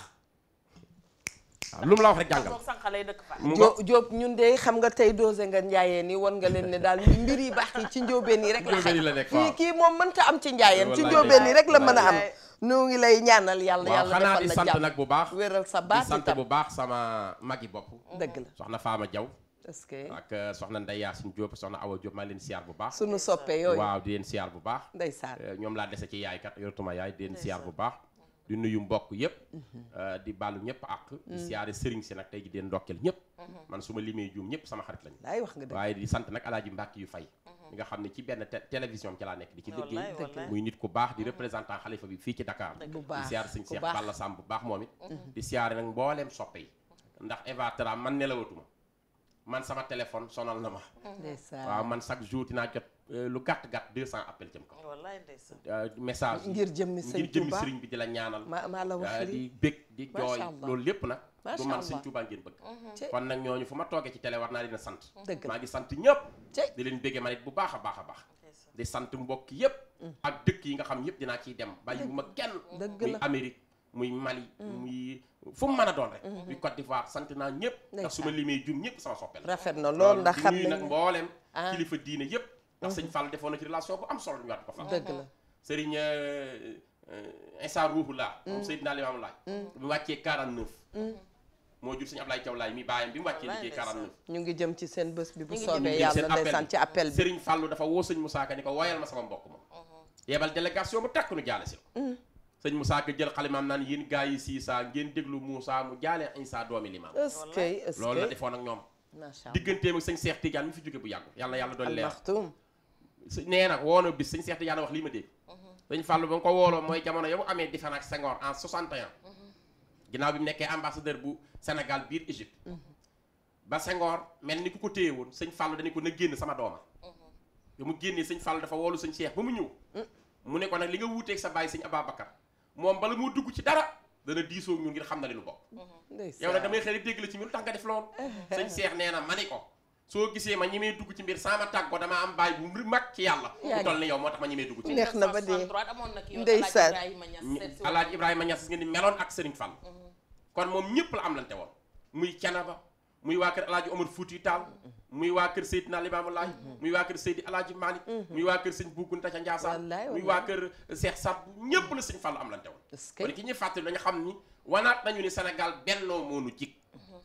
waaw lu mu la wax rek jàngal Jóob ñun de xam nga tey dosé nga njaayeen yi wan nga leen ne daal mbir yi baax yi ci njóobeen yi rek la xëy kii kii moom mënta am ci njaayeen ci njóobeen yi rek la mën a am nu ngi lay ñaanal yàlla yàlla defal xanaa di sant nag bu baax wéral sa baat sant bu baax sama mag yi bopp dëgg la soxna Faama Jaw est que ak euh, soxna Ndeye Yacine Diop soxna Awa Diop maa leen siyaar bu baax sunu soppe yooyu waaw di leen siyaar bu baax euh, ñoom laa dese ci yaay kat yoratuma yaay di leen siyaar bu baax di nuyu mbokk yëpp mhm. euh, di baalu ñëpp ak di mhm. siyaare sëriñ si nag tey ji di ndokkeel ñëpp mhm. man su ma limee juum ñëpp sama xarit lañu waaye di sant nag alaaji Mbàkke yu fay nga xam ne ci benn télévision ci laa nekk di ci liggéey muy nit ku baax di mm-hmm. représentant xalifa bi fii ci Dakar bu siyaar sëñ Cheikh Balla sam bu baax moom it mm-hmm. di siyaare nag mbooleem soppe yi ndax Eva Tra man nelawatuma man sama téléphone sonal na ma waaw man chaque jour naa jot euh, lu gàtt gàtt 200 appel jëm kaw. wallaay ndeysaan euh, message ngir jëmmi sëriñ bi di la ñaanal. ma ma euh, di bég di jooy loolu lépp nag. du man sëñ Tuubaa ngeen bëgg mhm. kon nag ñooñu fu ma toogee ci télé war naa leen a sant maa ngi sant ñëpp di leen béggee man bu baax a baax a baax di sant mbokk yëpp mm. ak dëkk yi nga xam yëpp dinaa ciy dem ba bu ma kenn muy Amérique muy Mali mm. muy fu mu mën a doon rek muy mm-hmm. Côte sant naa ñëpp ndax su ma limee jum ñëpp sama soppeel rafet na loolu ndax xam nañu nag mbooleem ah. kilifa diine yëpp ndax mm-hmm. sëñ Fall defoon na ci relation bu am solo ñu waat ko Fall mm-hmm. dëgg la sëriñ euh, euh, Insa Ruuhu laa moom mm. Seydina Limaamu Laay bu wàccee 49 moo jur sëñ Ablaye Thiaw Laay mi bàyyam bi mu wàccee liggéey 49 ñu ngi jëm ci seen bés bi bu soobee yàlla ndeysaan ci appel bi Serigne Fallou dafa woo sëñ Moussa Ka ni ko woyal ma sama mbokk ma mhm. yebal délégation bu takk nu jaale si ko mhm. sëñ Moussa Ka jël loolu la defoon ak ñoom macha allah digganteem ak sëñ Cheikh Tidiane mi fi jóge bu yàggu yàlla yàlla doon leer nee na mhm. ba nga ko wooloo mooy jamono ya mu amee différence ak Senghor en 61 ginnaaw bi mu nekkee ambassadeur bu Sénégal biir Égypte mhm. ba Senghor mel ni ku ko téye woon sëñ Fallou dañu ko na génn sama dooma mhm. ba mu génnee sëñ Fallou dafa woolu sëñ Cheikh ba mu ñëw mm. mu ne ko nag li nga wuuteeg sa bàyyi sëñ Ababacar moom bala moo dugg ci dara dana diisoo ñun ngir xam na li lu bokk mhm. yow nag damay xëy dégg la ci ñun tax nga def loolu [laughs] sëñ Cheikh nee na mani ko soo gisee ma ñi may dugg ci mbir sama tàgg ko damaa am baay bu mag ci yàlla bu toll moo tax ma ñi may dugg ci neex na ba dee ndeysaan Alaaji Ibrahima Niass ngeen kon moom ñëpp la am lante woon muy canaba muy waa kër alaaji Omar Fuuti Taal muy waa kër Seydina Limaamu Laay muy waa kër Seydi alaaji Maalik muy waa kër sëñ Bukunta ca Njaasaan muy waa kër Seex Saab ñëpp la sëñ Fallu am lante woon kon ki ñu fàttali dañu xam ni wanaat nañu ni Sénégal bennoo moonu jig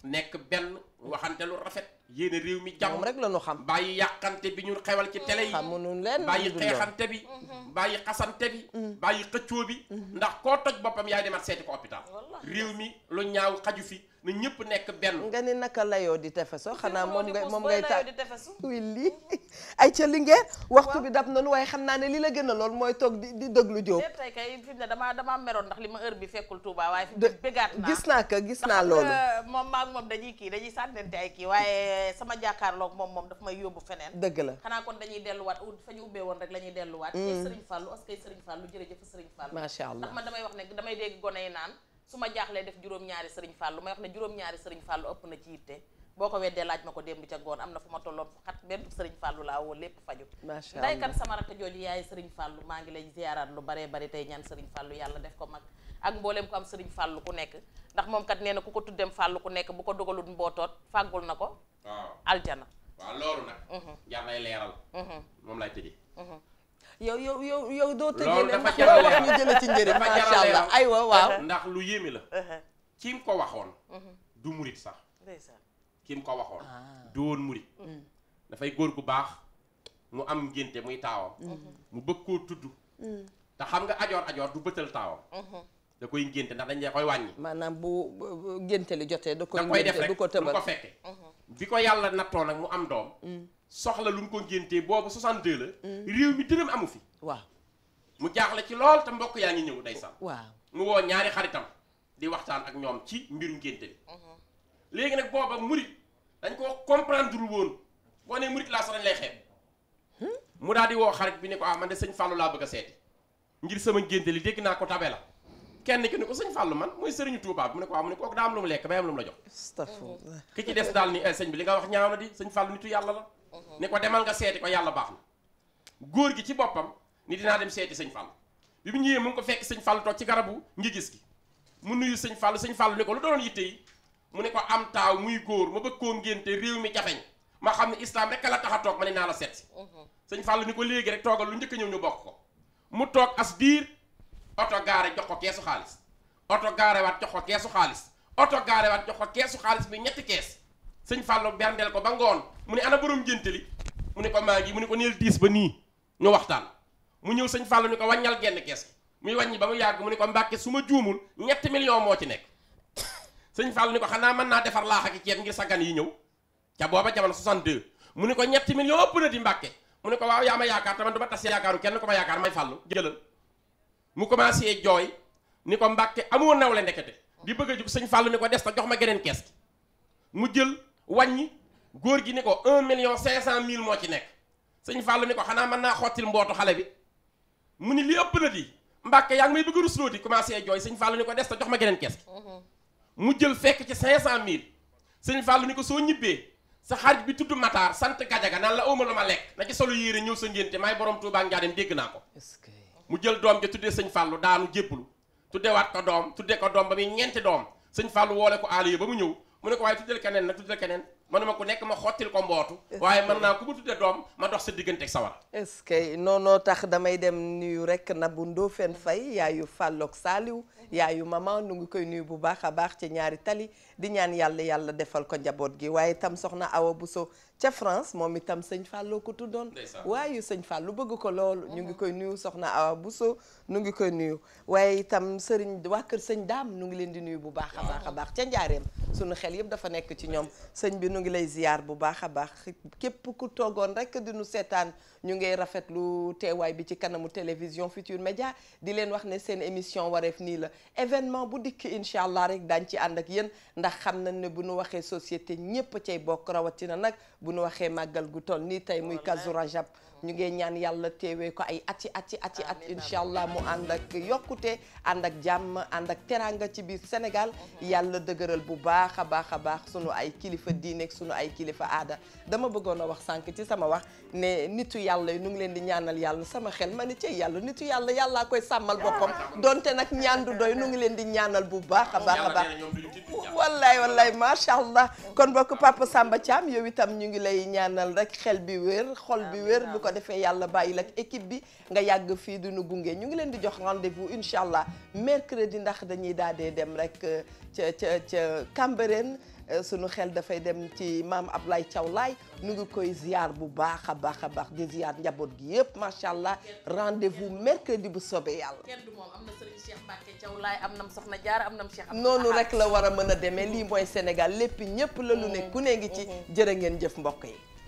nekk benn waxante lu rafet yéene réew mi jàmm rek la ñu xam bàyyi yàqante bi ñu xewal ci télé yi xamuñu leen bàyyi xeexante bi bàyyi xasante bi mm-hmm. bàyyi xëccoo bi mm-hmm. ndax koo toj boppam yaay demat seeti ko hôpital réew mi lu ñaaw xaju fi na ñëpp nekk benn. nga ni naka layoo di tefeso xanaa moom ngay taa di ta oui lii ay ca Linguère waxtu bi na nañu waaye xam naa ne li la gën a lool mooy toog di di déglu Diop. lépp tey kay fi mu ne damaa damaa meroon ndax bi fekkul Touba waaye. bëggaat naa gis naa gis naa loolu. moom maa ngi moom dañuy kii dañuy sànnante ay kii waaye sama jàkkaarloog moom moom daf may yóbbu feneen. dëgg la xanaa kon dañuy delluwaat fa ñu ubbee woon rek la ñuy delluwaat. Mm. kay Serigne Fallou as jërëjëf Serigne Fallou. macha allah ndax man damay wax ne damay dégg gone yi naan su ma jaaxlee def juróom-ñaari sëriñ fàllu may wax ne juróom-ñaari sëriñ fàllu ëpp na ci yitte boo ko weddee laaj ma ko démb ca ngoon am na fu ma tolloon fu xat benn sëriñ fàllu laa woo lépp faju maa ngi lay ziyaaraat lu baree bari tey ñaan sëriñ fàllu yàlla def ko mag ak mbooleem ko am sëriñ fàllu nekk ndax moom kat nee na ku ko tuddem fàllu ku nekk bu ko dogalul mbootoot fàggul na ko aljana waaw loolu nag mhm. yaa lay leeral mhm. moom lay tëjee mhm. yow yow yow yow doo tëjee ne ndax loo wax ñu jëlee ci njëriñ macha allah aywa waaw ndax lu yéeme la uh-huh. kiim ko waxoon uh-huh. du murit sax kiim ko waxoon ah. du woon murit mm. dafay góor gu baax mu am ngénte muy taawam mm-hmm. mu bëgg koo tudd mm. te xam nga ajoor ajoor du bëtal taawam mm-hmm. da koy ngénte ndax dañ koy wàññi maanaam bu ngénte jotee da koy def rek du ko tëbal ko fekke mm-hmm. bi ko yàlla nattoo nag mu am doom mm. soxla lu mu ko ngéntee boobu 62 la. Mm. réew mi dërëm amu fi. waa mu jaaxle ci lool te mbokk yaa ngi ñëw day sàmm. waaw mu woo ñaari xaritam di waxtaan ak ñoom ci mbiru ngénte bi. Mm-hmm. léegi nag booba murit dañ ko comprendre woon boo nee murit laa sax lay xeeb. Hmm? mu daal di woo xarit bi ne ko ah man de sëñ Fallou laa bëgg a seeti ngir sama ngénte li dégg naa ko tabe la kenn ki ne ko sëñ Fallou man mooy sëriñu Touba bi mu ne ko waaw mu ne kooku daa am lu mu ci des daal ni eh, sëñ bi li nga wax ñaaw na di sëñ Fallou nitu yàlla la ni ko demal nga seeti ko yàlla baax na góor gi ci boppam ni dinaa dem seeti sëñ Fall bi mu ñëwee mu ngi ko fekk sëñ Fall toog ci garabu njigis gi mu nuyu sañ Fall sëñ Fall ni ko lu doon yitte yi mu ne ko am taaw muy góor ma bëgg koo ngénte réew mi jafeñ ma xam ne rekk rek la tax a toog ma ne naa la seet si uh-huh. sañ Fall ni ko léegi rek toogal lu njëkk ñëw ñu bokk ko mu toog as biir oto gaare jox ko keesu xaalis oto gaare waat jox ko keesu xaalis oto gaare waat jox ko keesu xaalis bi ñetti kees sëñ Fallou berndeel ko ba ngoon mu ne ana borom ngénte li mu ne ko maa ngi mu ne ko neel diis ba nii ñu waxtaan mu ñëw sëñ Fallou ni ko wàññal genn kees gi wàññi ba mu yàgg mu ne ko mbàkke su juumul ñetti million moo ci nekk sëñ Fallou ni ko xanaa mën naa defar laax ak ceeb ngir sa yi ñëw ca booba jamono 62 mu ne ko ñetti million ëpp di mbàkke mu ne ko waaw yaa ma yaakaar tamit du ma tas yaakaaru kenn ko ma yaakaar may Fallou jëlal mu commencé jooy ni ko mbàkke amoo nawle ndekete di bëgg a jub sëñ Fallou ni ko des ta jox ma geneen kees gi mu jël wàññi góor gi ni ko un million cinq cent mill moo ci nekk sëñ Fallou ni ko xanaa mën naa xottil mbootu xale bi mu ni li ëpp na di mbàkke yaa ngi may bëgg a rusloo di commencé jooy sëñ Fallou ni ko des ta jox ma geneen kees mhm. mu jël fekk ci cinq cent mille sëñ Fallou ni ko soo ñibbee sa xarit bi tudd Matar sant Gajaga naan la awma lu ma lekk na ci solo yére ñëw sa ngénte maay borom Touba Ndiadem dégg naa ko mu jël doom ja tuddee sëñ Fallou daanu jébbalu tuddewaat ko doom tuddee ko doom ba muy ñeenti doom sëñ Fallou woole ko aaliyo ba mu ñëw mu ne ko waaye tuddal keneen nag tuddal keneen manuma ku nekk ma xottil ko mbootu waaye mën naa ku mu tudde doom ma dox sa diggante ak sawar est-ce que noonoo tax damay dem nuyu rek na bu Ndofène Faye yaayu Fallook Saaliw yaayu maman nu ngi koy nuyu bu baax a baax ci ñaari tali di ñaan yàlla yàlla defal ko njaboot gi waaye tam soxna Awa Bousso ca France moom itam sëñ fàlloo ko tuddoon waaye sëñ Fallou bëgg ko lool ñu ngi mhm. koy nuyu soxna Awa Bousso nu ngi koy nuyu waaye itam sëriñ waa kër sëñ daam nu ngi leen di nuyu bu baax a baax a baax ca njaareem suñu xel yëpp dafa nekk ci ñoom sëñ bi nu ngi lay ziyaar bu baax a baax képp ku toogoon rek di seetaan ñu ngay rafetlu teewaay bi ci kanamu télévision Futurs Médias di leen wax ne seen émission wareef nii la événement bu dikk incha allah rek daañ ci ànd ak yéen ndax xam nañ ne bu nu waxee société ñépp cay bokk rawatina nag bu ñu waxee màggal gu toll nii tey muy Kazu Rajab ñu ngee ñaan yàlla teewee ko ay at ci at ci at ci at incha allah mu ànd ak yokkute ànd ak jàmm ànd ak teraanga ci biir Sénégal yàlla dëgëral bu baax a baax a baax sunu ay kilifa diine ak sunu ay kilifa aada dama bëggoon a wax sànq ci sama wax ne nitu yàlla yi nu ngi leen di ñaanal yàlla sama xel ma ni cey yàlla nitu yàlla yàllaa koy sàmmal boppam donte nag ñaan du doy nu ngi leen di ñaanal bu baax a baax a baax wallaay wallaay macha allah kon bokk Papa Samba Thiam yow itam ñu ngi lay ñaanal rek xel bi ko yàlla bàyyi la ak équipe bi nga yàgg fii du nu gunge ñu ngi leen di jox rendez-vous incha allah mercredi ndax dañuy daal dee dem rek euh, ca ca ca Cambérène euh, sunu xel dafay dem ci maam Ablaye Thiaw Laye nu ngi koy ziar bu baax a baax a baax di ziar njaboot gi yëpp macha allah rendez-vous mercredi bu sobee yàlla. kenn du moom am na Serigne Cheikh Mbacke am na soxna Diarra am na Cheikh. noonu rek la war a mën a demee lii mooy Sénégal lépp ñëpp la lu ne ku ne ngi ci mm-hmm. jërë ngeen jëf mbokk yi.